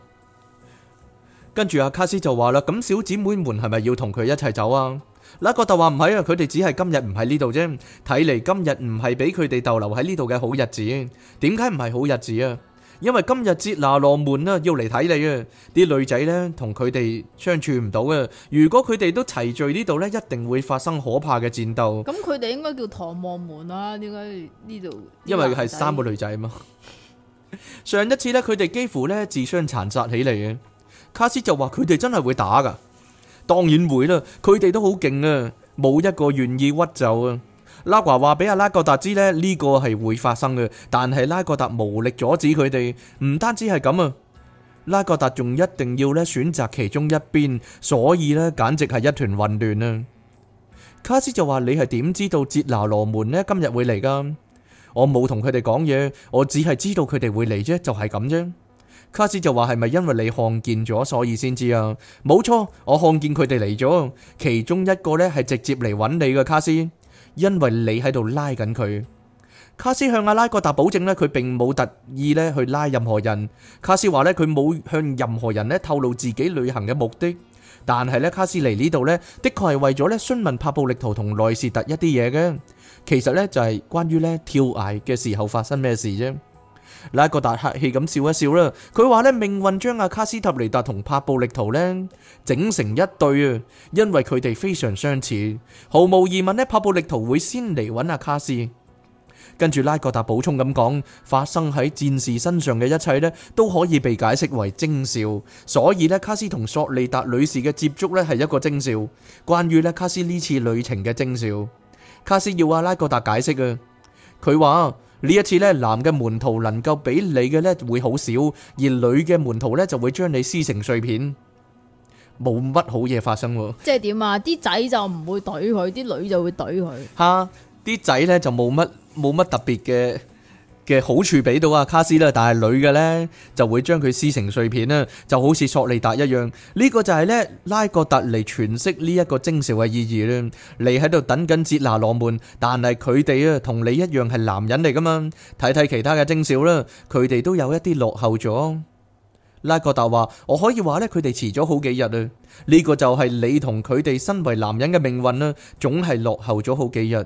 跟住阿卡斯就話啦：，咁小姐妹們係咪要同佢一齊走啊？那哥特就話唔係啊，佢哋只係今日唔喺呢度啫。睇嚟今日唔係俾佢哋逗留喺呢度嘅好日子，點解唔係好日子啊？因為今日哲拿羅門啊，要嚟睇你啊，啲女仔呢同佢哋相處唔到啊。如果佢哋都齊聚呢度呢，一定會發生可怕嘅戰鬥。咁佢哋應該叫唐望門啊，點解呢度？因為係三個女仔啊嘛。 上一次呢，佢哋幾乎呢自相殘殺起嚟嘅。卡斯就話佢哋真係會打噶，當然會啦，佢哋都好勁啊，冇一個願意屈就啊。拉華話俾阿拉格達知咧，呢個係會發生嘅，但係拉格達無力阻止佢哋。唔單止係咁啊，拉格達仲一定要咧選擇其中一邊，所以呢，簡直係一團混亂啊。卡斯就話：你係點知道捷拿羅門呢今日會嚟噶？我冇同佢哋講嘢，我只係知道佢哋會嚟啫，就係咁啫。卡斯就話：係咪因為你看見咗，所以先知啊？冇錯，我看見佢哋嚟咗，其中一個呢係直接嚟揾你嘅。卡斯。因為你喺度拉緊佢，卡斯向阿拉格達保證咧，佢並冇特意咧去拉任何人。卡斯話咧，佢冇向任何人咧透露自己旅行嘅目的。但係咧，卡斯嚟呢度咧，的確係為咗咧詢問帕布力圖同內士特一啲嘢嘅。其實呢就係關於咧跳崖嘅時候發生咩事啫。拉各達客氣咁笑一笑啦，佢話呢，命運將阿卡斯塔尼達同帕布力圖呢整成一對啊，因為佢哋非常相似，毫無疑問呢，帕布力圖會先嚟揾阿卡斯。跟住拉各達補充咁講，發生喺戰士身上嘅一切呢都可以被解釋為徵兆，所以呢，卡斯同索利達女士嘅接觸呢係一個徵兆，關於呢卡斯呢次旅程嘅徵兆。卡斯要阿拉各達解釋啊，佢話。呢一次咧，男嘅門徒能夠俾你嘅咧會好少，而女嘅門徒咧就會將你撕成碎片，冇乜好嘢發生喎。即係點啊？啲仔就唔會懟佢，啲女就會懟佢。吓， 啲仔咧就冇乜冇乜特別嘅。嘅好處俾到阿卡斯啦，但係女嘅呢，就會將佢撕成碎片啦，就好似索利達一樣。呢、這個就係呢，拉各達嚟詮釋呢一個徵兆嘅意義咧。你喺度等緊哲拿羅門，但係佢哋啊同你一樣係男人嚟噶嘛？睇睇其他嘅徵兆啦，佢哋都有一啲落後咗。拉各達話：我可以話呢，佢哋遲咗好幾日啊。呢、這個就係你同佢哋身為男人嘅命運啦，總係落後咗好幾日。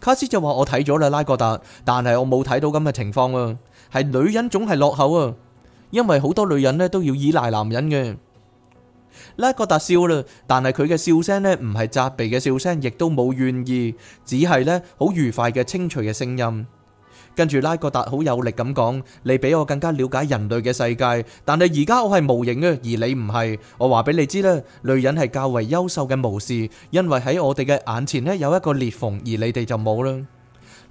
卡斯就話我睇咗啦，拉哥達，但係我冇睇到咁嘅情況啊，係女人總係落後啊，因為好多女人呢都要依賴男人嘅。拉哥達笑啦，但係佢嘅笑聲呢唔係責備嘅笑聲，亦都冇怨意，只係呢好愉快嘅清脆嘅聲音。跟住拉格達好有力咁講，你比我更加了解人類嘅世界，但係而家我係無形嘅，而你唔係。我話俾你知啦，女人係較為優秀嘅巫士，因為喺我哋嘅眼前呢有一個裂縫，而你哋就冇啦。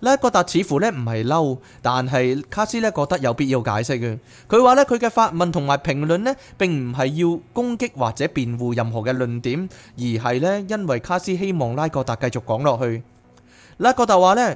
拉格達似乎呢唔係嬲，但係卡斯呢覺得有必要解釋嘅。佢話呢，佢嘅發問同埋評論呢，並唔係要攻擊或者辯護任何嘅論點，而係呢因為卡斯希望拉格達繼續講落去。拉格達話呢。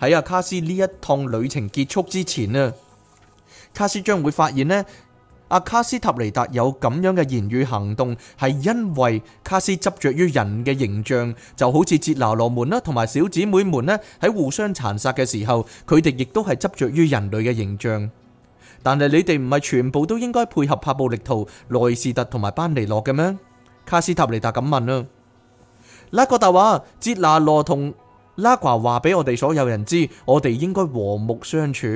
喺阿卡斯呢一趟旅程結束之前啊，卡斯將會發現呢，阿卡斯塔尼達有咁樣嘅言語行動，係因為卡斯執着於人嘅形象，就好似哲拿羅門啦，同埋小姊妹們呢喺互相殘殺嘅時候，佢哋亦都係執着於人類嘅形象。但係你哋唔係全部都應該配合帕布力圖、萊士特同埋班尼諾嘅咩？卡斯塔尼達咁問啦。拉格達話，哲拿羅同。拉瓜話俾我哋所有人知，我哋應該和睦相處，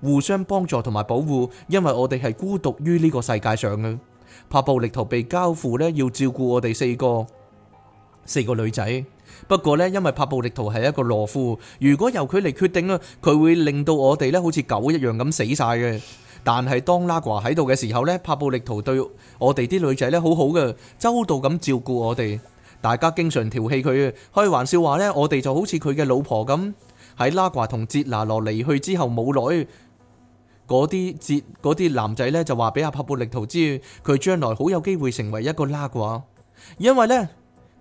互相幫助同埋保護，因為我哋係孤獨於呢個世界上嘅。帕布力圖被交付呢，要照顧我哋四個四個女仔。不過呢，因為帕布力圖係一個懦夫，如果由佢嚟決定呢，佢會令到我哋呢好似狗一樣咁死晒嘅。但係當拉瓜喺度嘅時候呢，帕布力圖對我哋啲女仔呢好好嘅，周到咁照顧我哋。大家經常調戲佢，開玩笑話呢，我哋就好似佢嘅老婆咁。喺拉掛同哲拿羅離去之後冇耐，嗰啲哲啲男仔呢，就話俾阿帕布力圖知，佢將來好有機會成為一個拉掛，因為呢，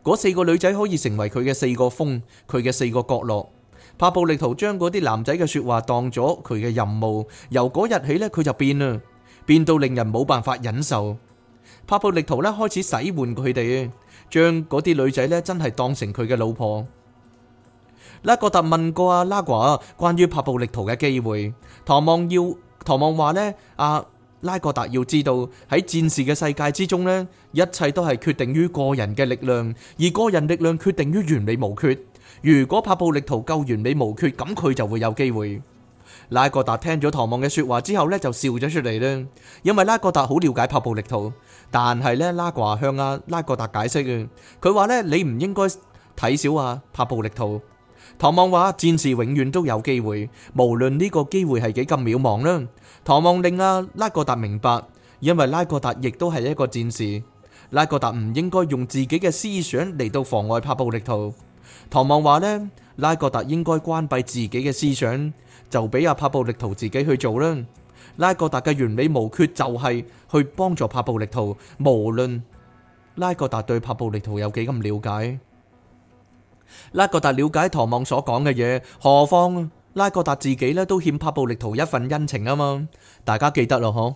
嗰四個女仔可以成為佢嘅四個風，佢嘅四個角落。帕布力圖將嗰啲男仔嘅說話當咗佢嘅任務，由嗰日起呢，佢就變啦，變到令人冇辦法忍受。帕布力圖呢，開始洗換佢哋。將嗰啲女仔咧，真係當成佢嘅老婆。拉格達問過阿拉瓜關於帕布力圖嘅機會，唐望要唐望話咧，阿、啊、拉格達要知道喺戰士嘅世界之中呢，一切都係決定於個人嘅力量，而個人力量決定於完美無缺。如果帕布力圖夠完美無缺，咁佢就會有機會。拉格達聽咗唐望嘅說話之後呢，就笑咗出嚟啦。因為拉格達好了解拍布力圖，但係呢，拉華向阿拉格達解釋佢話呢，你唔應該睇小啊拍布力圖。唐望話，戰士永遠都有機會，無論呢個機會係幾咁渺茫啦。唐望令阿拉格達明白，因為拉格達亦都係一個戰士，拉格達唔應該用自己嘅思想嚟到妨礙拍布力圖。唐望話呢，拉格達應該關閉自己嘅思想。就俾阿帕布力圖自己去做啦。拉格達嘅完美無缺就係去幫助帕布力圖，無論拉格達對帕布力圖有幾咁了解，拉格達了解唐望所講嘅嘢，何況拉格達自己咧都欠帕布力圖一份恩情啊嘛。大家記得咯，嗬。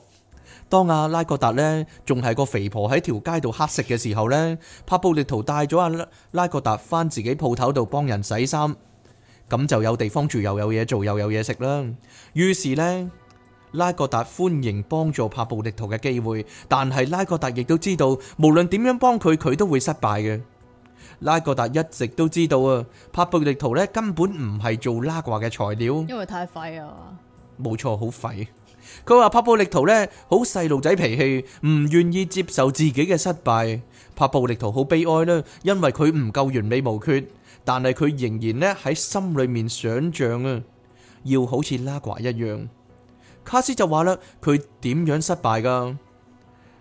當阿拉格達咧仲係個肥婆喺條街度乞食嘅時候呢，帕布力圖帶咗阿拉格達返自己鋪頭度幫人洗衫。咁就有地方住，又有嘢做，又有嘢食啦。於是呢，拉格達歡迎幫助帕布力圖嘅機會，但係拉格達亦都知道，無論點樣幫佢，佢都會失敗嘅。拉格達一直都知道啊，帕布力圖呢根本唔係做拉掛嘅材料，因為太廢啊！冇錯，好廢。佢話帕布力圖呢好細路仔脾氣，唔願意接受自己嘅失敗。帕布力圖好悲哀啦，因為佢唔夠完美無缺。但係佢仍然咧喺心裏面想象啊，要好似拉瓜一樣。卡斯就話啦，佢點樣失敗噶？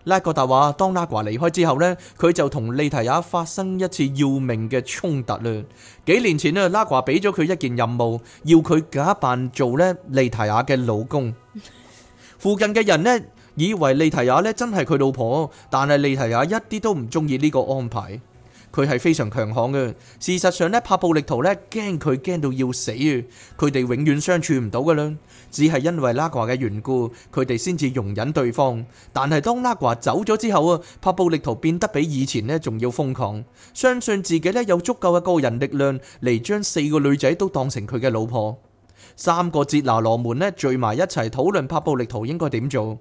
拉國達話：當拉瓜離開之後咧，佢就同利提亞發生一次要命嘅衝突啦。幾年前咧，拉瓜俾咗佢一件任務，要佢假扮做咧利提亞嘅老公。附近嘅人咧，以為利提亞咧真係佢老婆，但係利提亞一啲都唔中意呢個安排。佢係非常強悍嘅，事實上呢帕布力圖呢驚佢驚到要死啊！佢哋永遠相處唔到嘅啦，只係因為拉瓜嘅緣故，佢哋先至容忍對方。但係當拉瓜走咗之後啊，帕布力圖變得比以前呢仲要瘋狂，相信自己呢有足夠嘅個人力量嚟將四個女仔都當成佢嘅老婆。三個哲拿羅們呢聚埋一齊討論帕布力圖應該點做，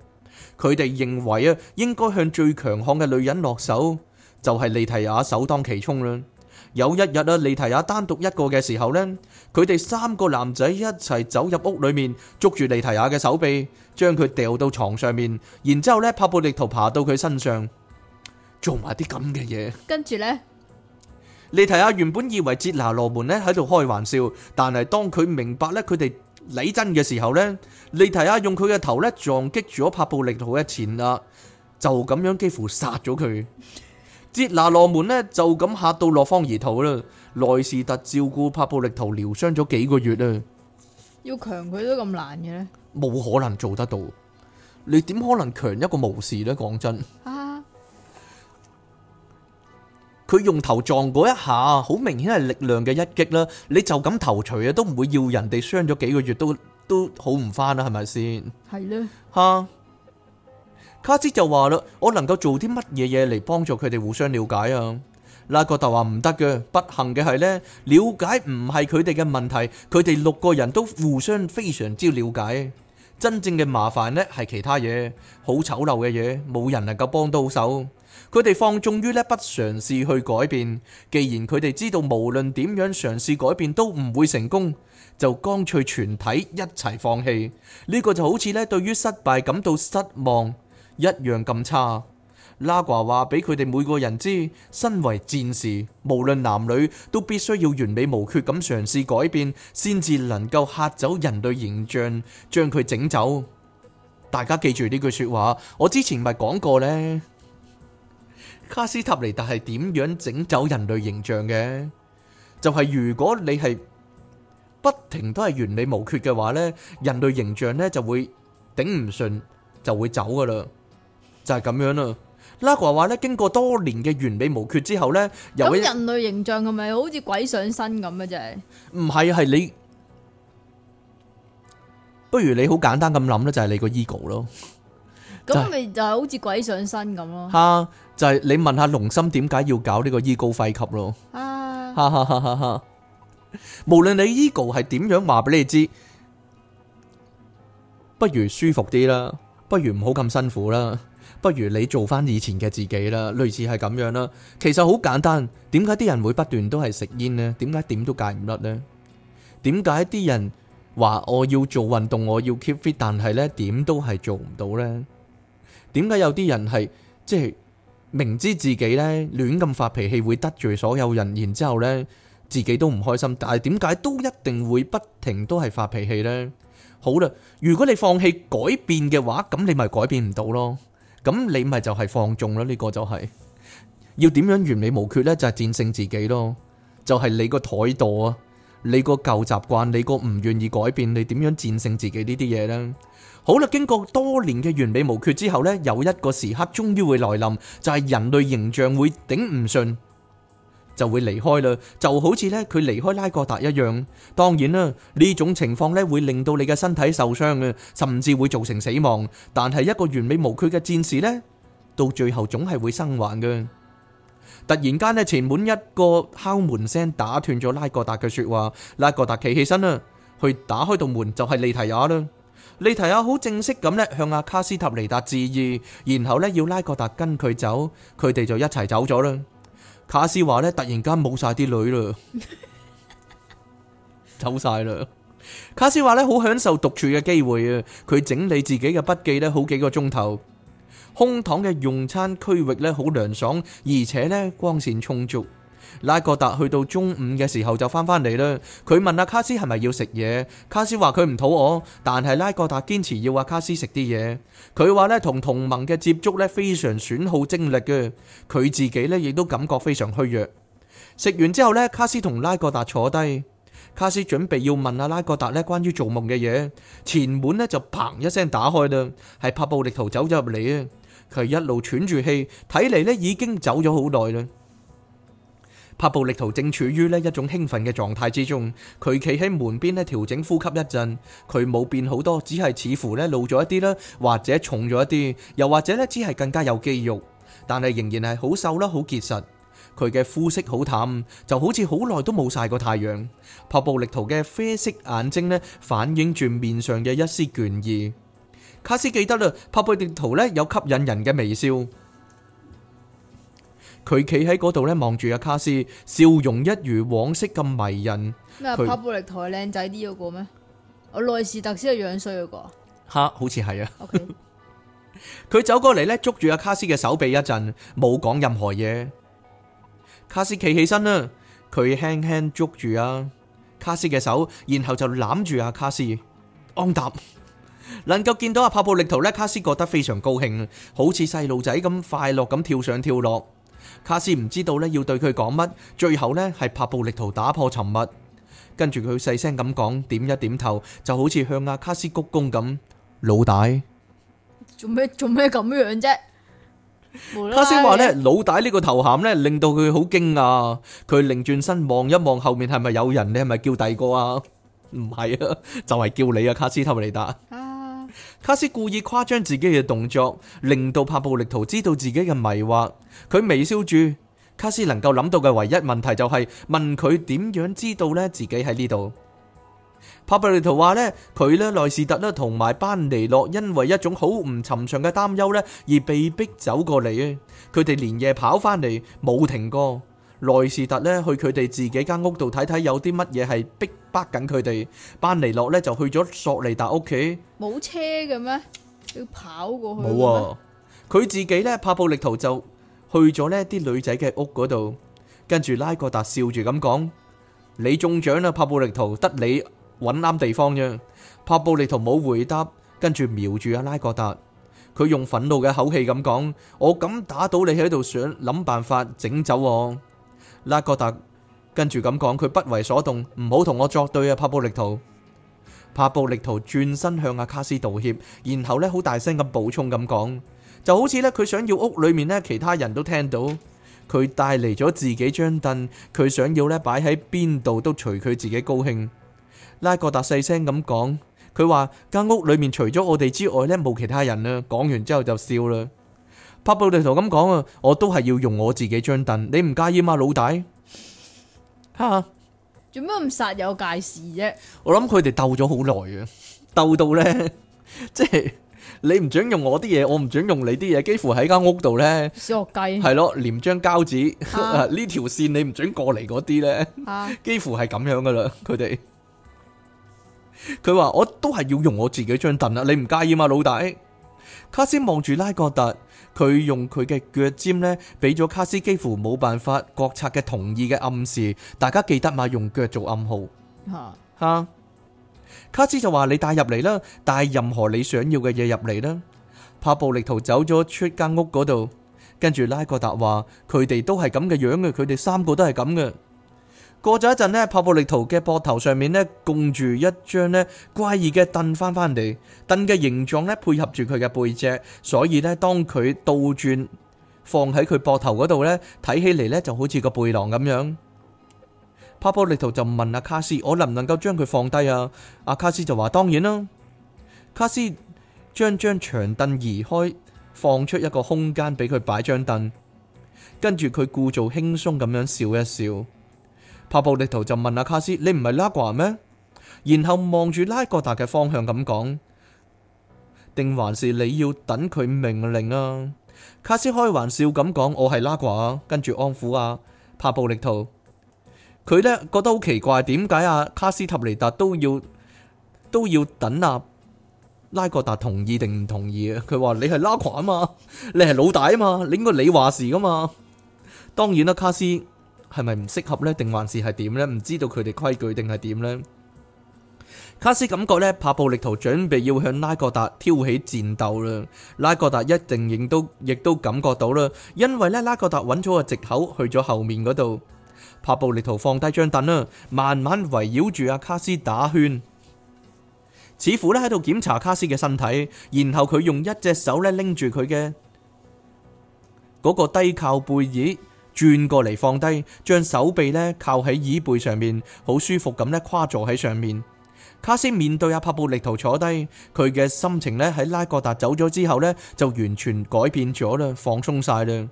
佢哋認為啊應該向最強悍嘅女人落手。就係利提亞首當其衝啦。有一日啊，利提亞單獨一個嘅時候呢，佢哋三個男仔一齊走入屋裏面，捉住利提亞嘅手臂，將佢掉到床上面，然之後咧，帕布力圖爬到佢身上，做埋啲咁嘅嘢。跟住呢，利提亞原本以為哲拿羅門呢喺度開玩笑，但係當佢明白呢，佢哋理真嘅時候呢，利提亞用佢嘅頭呢撞擊住咗帕布力圖嘅前額，就咁樣幾乎殺咗佢。哲拿羅門咧就咁嚇到落荒而逃啦！萊士達照顧帕布力圖療傷咗幾個月啊！要強佢都咁難嘅咧，冇可能做得到。你點可能強一個巫士咧？講真，啊，佢用頭撞嗰一下，好明顯係力量嘅一擊啦！你就咁頭錘啊，都唔會要人哋傷咗幾個月都都好唔翻啦，係咪先？係咧，哈。卡茲就話啦，我能夠做啲乜嘢嘢嚟幫助佢哋互相了解啊？拉格就話唔得嘅，不幸嘅係呢，了解唔係佢哋嘅問題，佢哋六個人都互相非常之了解。真正嘅麻煩呢係其他嘢，好醜陋嘅嘢，冇人能夠幫到手。佢哋放縱於呢，不嘗試去改變，既然佢哋知道無論點樣嘗試改變都唔會成功，就乾脆全體一齊放棄。呢、呢個就好似呢對於失敗感到失望一樣咁差。拉瓜話俾佢哋每個人知，身為戰士，無論男女，都必須要完美無缺，咁嘗試改變，先至能夠嚇走人類形象，將佢整走。大家記住呢句說話，我之前咪講過咧。卡斯塔尼達係點樣整走人類形象嘅？就係如果你係不停都係完美無缺嘅話咧，人類形象咧就會頂唔順，就會走噶啦。就係咁樣啦，拉華話咧，經過多年嘅完美無缺之後咧，咁人類形象係咪好似鬼上身咁嘅？啫，唔係係你，不如你好簡單咁諗咧，就係你個 ego 咯，咁咪就係好似鬼上身咁咯，吓，就係你問下龍心點解要搞呢個 ego 肺吸咯，啊，哈哈哈，無論你 ego 係點樣話俾你知，不如舒服啲啦，不如唔好咁辛苦啦。不如你做翻以前嘅自己啦，類似係咁樣啦。其實好簡單，點解啲人會不斷都係食煙呢？點解點都戒唔甩呢？點解啲人話我要做運動，我要 keep fit，但係呢點都係做唔到呢？點解有啲人係即係明知自己呢亂咁發脾氣會得罪所有人，然之後呢自己都唔開心，但係點解都一定會不停都係發脾氣呢？好啦，如果你放棄改變嘅話，咁你咪改變唔到咯。咁你咪就係放縱咯，呢個就係要點樣完美無缺呢？就係戰勝自己咯，就係你個態度啊，你個舊習慣，你個唔願意改變，你點樣戰勝自己呢啲嘢呢？好啦，經過多年嘅完美無缺之後呢，有一個時刻終於會來臨，就係人類形象會頂唔順。就會離開啦，就好似咧佢離開拉各達一樣。當然啦，呢種情況咧會令到你嘅身體受傷嘅，甚至會造成死亡。但係一個完美無缺嘅戰士呢，到最後總係會生還嘅。突然間咧，前門一個敲門聲打斷咗拉各達嘅說話。拉各達企起身啦，去打開道門就係利提亞啦。利提亞好正式咁咧向阿卡斯塔尼達致意，然後咧要拉各達跟佢走，佢哋就一齊走咗啦。卡斯華咧，突然間冇晒啲女啦， 走晒啦。卡斯華咧，好享受獨處嘅機會啊！佢整理自己嘅筆記咧，好幾個鐘頭。空堂嘅用餐區域咧，好涼爽，而且咧光線充足。拉各達去到中午嘅時候就返返嚟啦。佢問阿、啊、卡斯係咪要食嘢，卡斯話佢唔肚餓，但係拉各達堅持要阿卡斯食啲嘢。佢話呢同同盟嘅接觸呢非常損耗精力嘅，佢自己呢亦都感覺非常虛弱。食完之後呢，卡斯同拉各達坐低，卡斯準備要問阿、啊、拉各達呢關於做夢嘅嘢。前門呢就砰一聲打開啦，係帕布力圖走咗入嚟啊！佢一路喘住氣，睇嚟呢已經走咗好耐啦。帕布力圖正處於咧一種興奮嘅狀態之中，佢企喺門邊咧調整呼吸一陣，佢冇變好多，只係似乎咧老咗一啲啦，或者重咗一啲，又或者咧只係更加有肌肉，但係仍然係好瘦啦，好結實。佢嘅膚色好淡，就好似好耐都冇曬過太陽。帕布力圖嘅啡色眼睛咧反映住面上嘅一絲倦意。卡斯記得啦，帕布力圖咧有吸引人嘅微笑。佢企喺嗰度咧，望住阿卡斯，笑容一如往昔咁迷人。咩？阿帕布力圖靚仔啲嗰個咩？我內士特斯嘅樣衰嗰、那個？吓，好似係啊。佢 Okay. 走過嚟咧，捉住阿卡斯嘅手臂一陣，冇講任何嘢。卡斯企起身啦，佢輕輕捉住阿卡斯嘅手，然後就攬住阿卡斯。安踏 能夠見到阿帕布力圖咧，卡斯覺得非常高興，好似細路仔咁快樂咁跳上跳落。卡斯唔知道咧，要對佢講乜，最後咧係拍布力圖打破沉默，跟住佢細聲咁講，點一點頭就好似向阿卡斯鞠躬咁。老大做咩做咩咁樣啫、啊？卡斯話咧， 老大呢個頭銜咧令到佢好驚訝，佢擰轉身望一望後面係咪有人？你係咪叫第二個啊？唔 係啊，就係、是、叫你啊，卡斯塔尼達。卡斯故意誇張自己嘅動作，令到帕布力圖知道自己嘅迷惑。佢微笑住，卡斯能夠諗到嘅唯一問題就係、是、問佢點樣知道呢？自己喺呢度。帕布力圖話呢，佢呢內士特咧同埋班尼諾因為一種好唔尋常嘅擔憂呢而被逼走過嚟啊！佢哋連夜跑翻嚟，冇停過。內士達咧去佢哋自己間屋度睇睇有啲乜嘢係逼迫緊佢哋，班尼洛咧就去咗索尼達屋企，冇車嘅咩，要跑過去。冇啊，佢自己咧拍暴力圖就去咗呢啲女仔嘅屋嗰度，跟住拉各達笑住咁講：你中獎啦，拍暴力圖得你搵啱地方啫。拍暴力圖冇回答，跟住瞄住阿拉各達，佢用憤怒嘅口氣咁講：我敢打賭你喺度想諗辦法整走我。拉哥特跟住咁講，佢不為所動，唔好同我作對啊！帕布力圖，帕布力圖轉身向阿卡斯道歉，然後呢，好大聲咁補充咁講，就好似呢，佢想要屋裏面呢，其他人都聽到，佢帶嚟咗自己張凳，佢想要呢，擺喺邊度都隨佢自己高興。拉哥特細聲咁講，佢話間屋裏面除咗我哋之外呢，冇其他人啦。講完之後就笑啦。Pablito 咁講啊，我都係要用我自己張凳，你唔介意嘛，老大？哈？做咩咁煞有介事啫？我諗佢哋鬥咗好耐啊，鬥到咧，即係你唔准用我啲嘢，我唔准用你啲嘢，幾乎喺間屋度咧。小學雞係咯，連張膠紙，呢條線你唔准過嚟嗰啲咧，幾乎係咁樣噶啦。佢哋佢話我都係要用我自己張凳啊，你唔介意嘛，老大？卡斯望住拉格達，佢用佢嘅腳尖呢，俾咗卡斯幾乎冇辦法覺察嘅同意嘅暗示。大家記得嘛？用腳做暗號。吓哈卡斯就話你帶入嚟啦，帶任何你想要嘅嘢入嚟啦。帕布力圖走咗出間屋嗰度，跟住拉格達話，佢哋都係咁嘅樣嘅，佢哋三個都係咁嘅。過咗一陣呢，帕布力圖嘅膊頭上面呢，供住一張呢怪異嘅凳翻返嚟，凳嘅形狀呢配合住佢嘅背脊，所以呢，當佢倒轉放喺佢膊頭嗰度呢，睇起嚟呢就好似個背囊咁樣。帕布力圖就問阿卡斯：我能唔能夠將佢放低啊？阿卡斯就話：當然啦。卡斯將張長凳移開，放出一個空間俾佢擺張凳，跟住佢故作輕鬆咁樣笑一笑。帕布力圖就問阿、啊、卡斯：你唔係拉瓜咩？然後望住拉各達嘅方向咁講，定還是你要等佢命令啊？卡斯開玩笑咁講：我係拉瓜，跟住安撫啊帕布力圖。佢呢覺得好奇怪，點解阿卡斯塔尼達都要都要等啊拉各達同意定唔同意啊？佢話你係拉瓜啊嘛，你係老大啊嘛，你應該你話事㗎嘛。當然啦、啊，卡斯。係咪唔適合呢？定還是係點呢？唔知道佢哋規矩定係點呢？卡斯感覺呢，帕布力圖準備要向拉各達挑起戰鬥啦。拉各達一定亦都亦都感覺到啦，因為呢，拉各達揾咗個借口去咗後面嗰度。帕布力圖放低張凳啦，慢慢圍繞住阿卡斯打圈，似乎呢，喺度檢查卡斯嘅身體，然後佢用一隻手呢拎住佢嘅嗰個低靠背椅，轉過嚟放低，將手臂咧靠喺椅背上面，好舒服咁咧跨坐喺上面。卡斯面對阿帕布力圖坐低，佢嘅心情咧喺拉各達走咗之後呢，就完全改變咗啦，放鬆晒啦。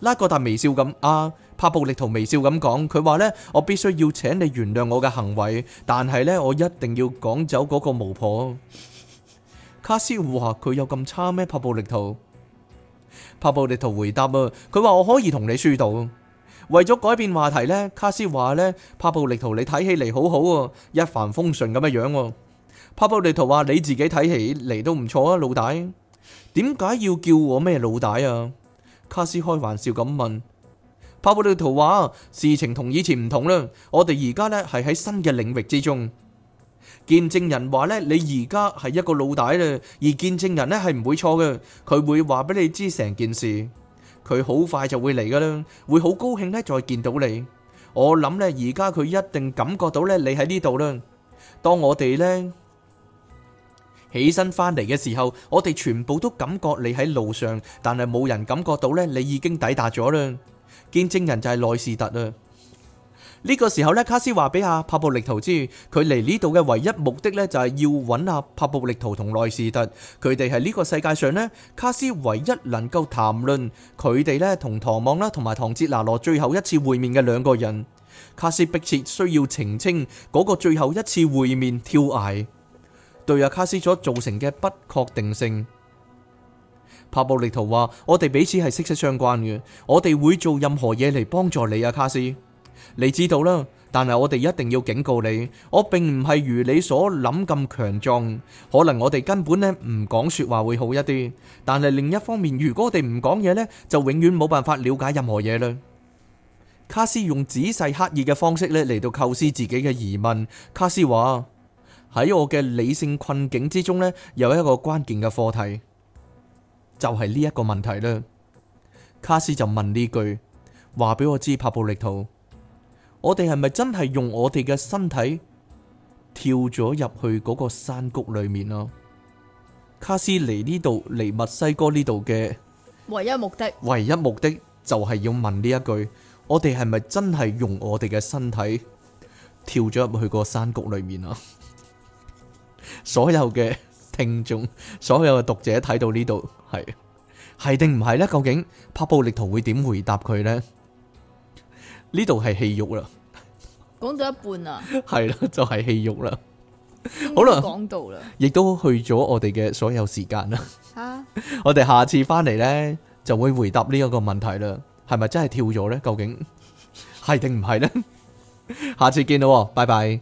拉各達微笑咁，啊，帕布力圖微笑咁講，佢話呢：「我必須要請你原諒我嘅行為，但係呢，我一定要趕走嗰個巫婆。」 卡斯胡哇，佢有咁差咩？帕布力圖。帕布力圖回答啊，佢話，我可以同你疏導。」為咗改變話題咧，卡斯話呢，帕布力圖你睇起嚟好好啊，一帆風順咁嘅樣。帕布力圖話你自己睇起嚟都唔錯啊，老大。點解要叫我咩老大啊？卡斯開玩笑咁問。帕布力圖話事情同以前唔同啦，我哋而家呢係喺新嘅領域之中。見證人話咧，你而家係一個老大嘞，而見證人咧係唔會錯嘅，佢會話俾你知成件事，佢好快就會嚟噶啦，會好高興咧再見到你。我諗咧而家佢一定感覺到咧你喺呢度啦。當我哋咧起身返嚟嘅時候，我哋全部都感覺你喺路上，但係冇人感覺到咧你已經抵達咗啦。見證人就係內士達啦。呢個時候呢，卡斯話俾阿帕布力圖知，佢嚟呢度嘅唯一目的呢，就係要揾阿帕布力圖同內士特，佢哋係呢個世界上呢，卡斯唯一能夠談論佢哋呢同唐望啦同埋唐哲拿羅最後一次會面嘅兩個人。卡斯迫切需要澄清嗰個最後一次會面跳崖對阿、啊、卡斯所造成嘅不確定性。帕布力圖話：我哋彼此係息息相關嘅，我哋會做任何嘢嚟幫助你啊，卡斯。你知道啦，但係我哋一定要警告你，我並唔係如你所諗咁強壯，可能我哋根本呢唔講說話會好一啲。但係另一方面，如果我哋唔講嘢呢，就永遠冇辦法了解任何嘢啦。卡斯用仔細刻意嘅方式呢嚟到構思自己嘅疑問。卡斯話，喺我嘅理性困境之中呢，有一個關鍵嘅課題，就係呢一個問題啦。卡斯就問呢句，話俾我知，帕布力圖。我哋係咪真係用我哋嘅身體跳咗入去嗰個山谷裏面啊？卡斯尼呢度嚟墨西哥呢度嘅唯一目的，唯一目的就係要問呢一句：我哋係咪真係用我哋嘅身體跳咗入去個山谷裏面啊？ 所有嘅聽眾，所有嘅讀者睇到呢度係，係定唔係呢？究竟帕布力圖會點回答佢呢？呢度係戲肉啦，講到一半 啊，係、就、啦、是，就係戲肉啦，好啦，講到啦，亦都去咗我哋嘅所有時間啦，吓哈， 我哋下次翻嚟咧就會回答呢一個問題啦，係咪真係跳咗咧？究竟係定唔係咧？ 是是呢 下次見咯、哦，拜拜。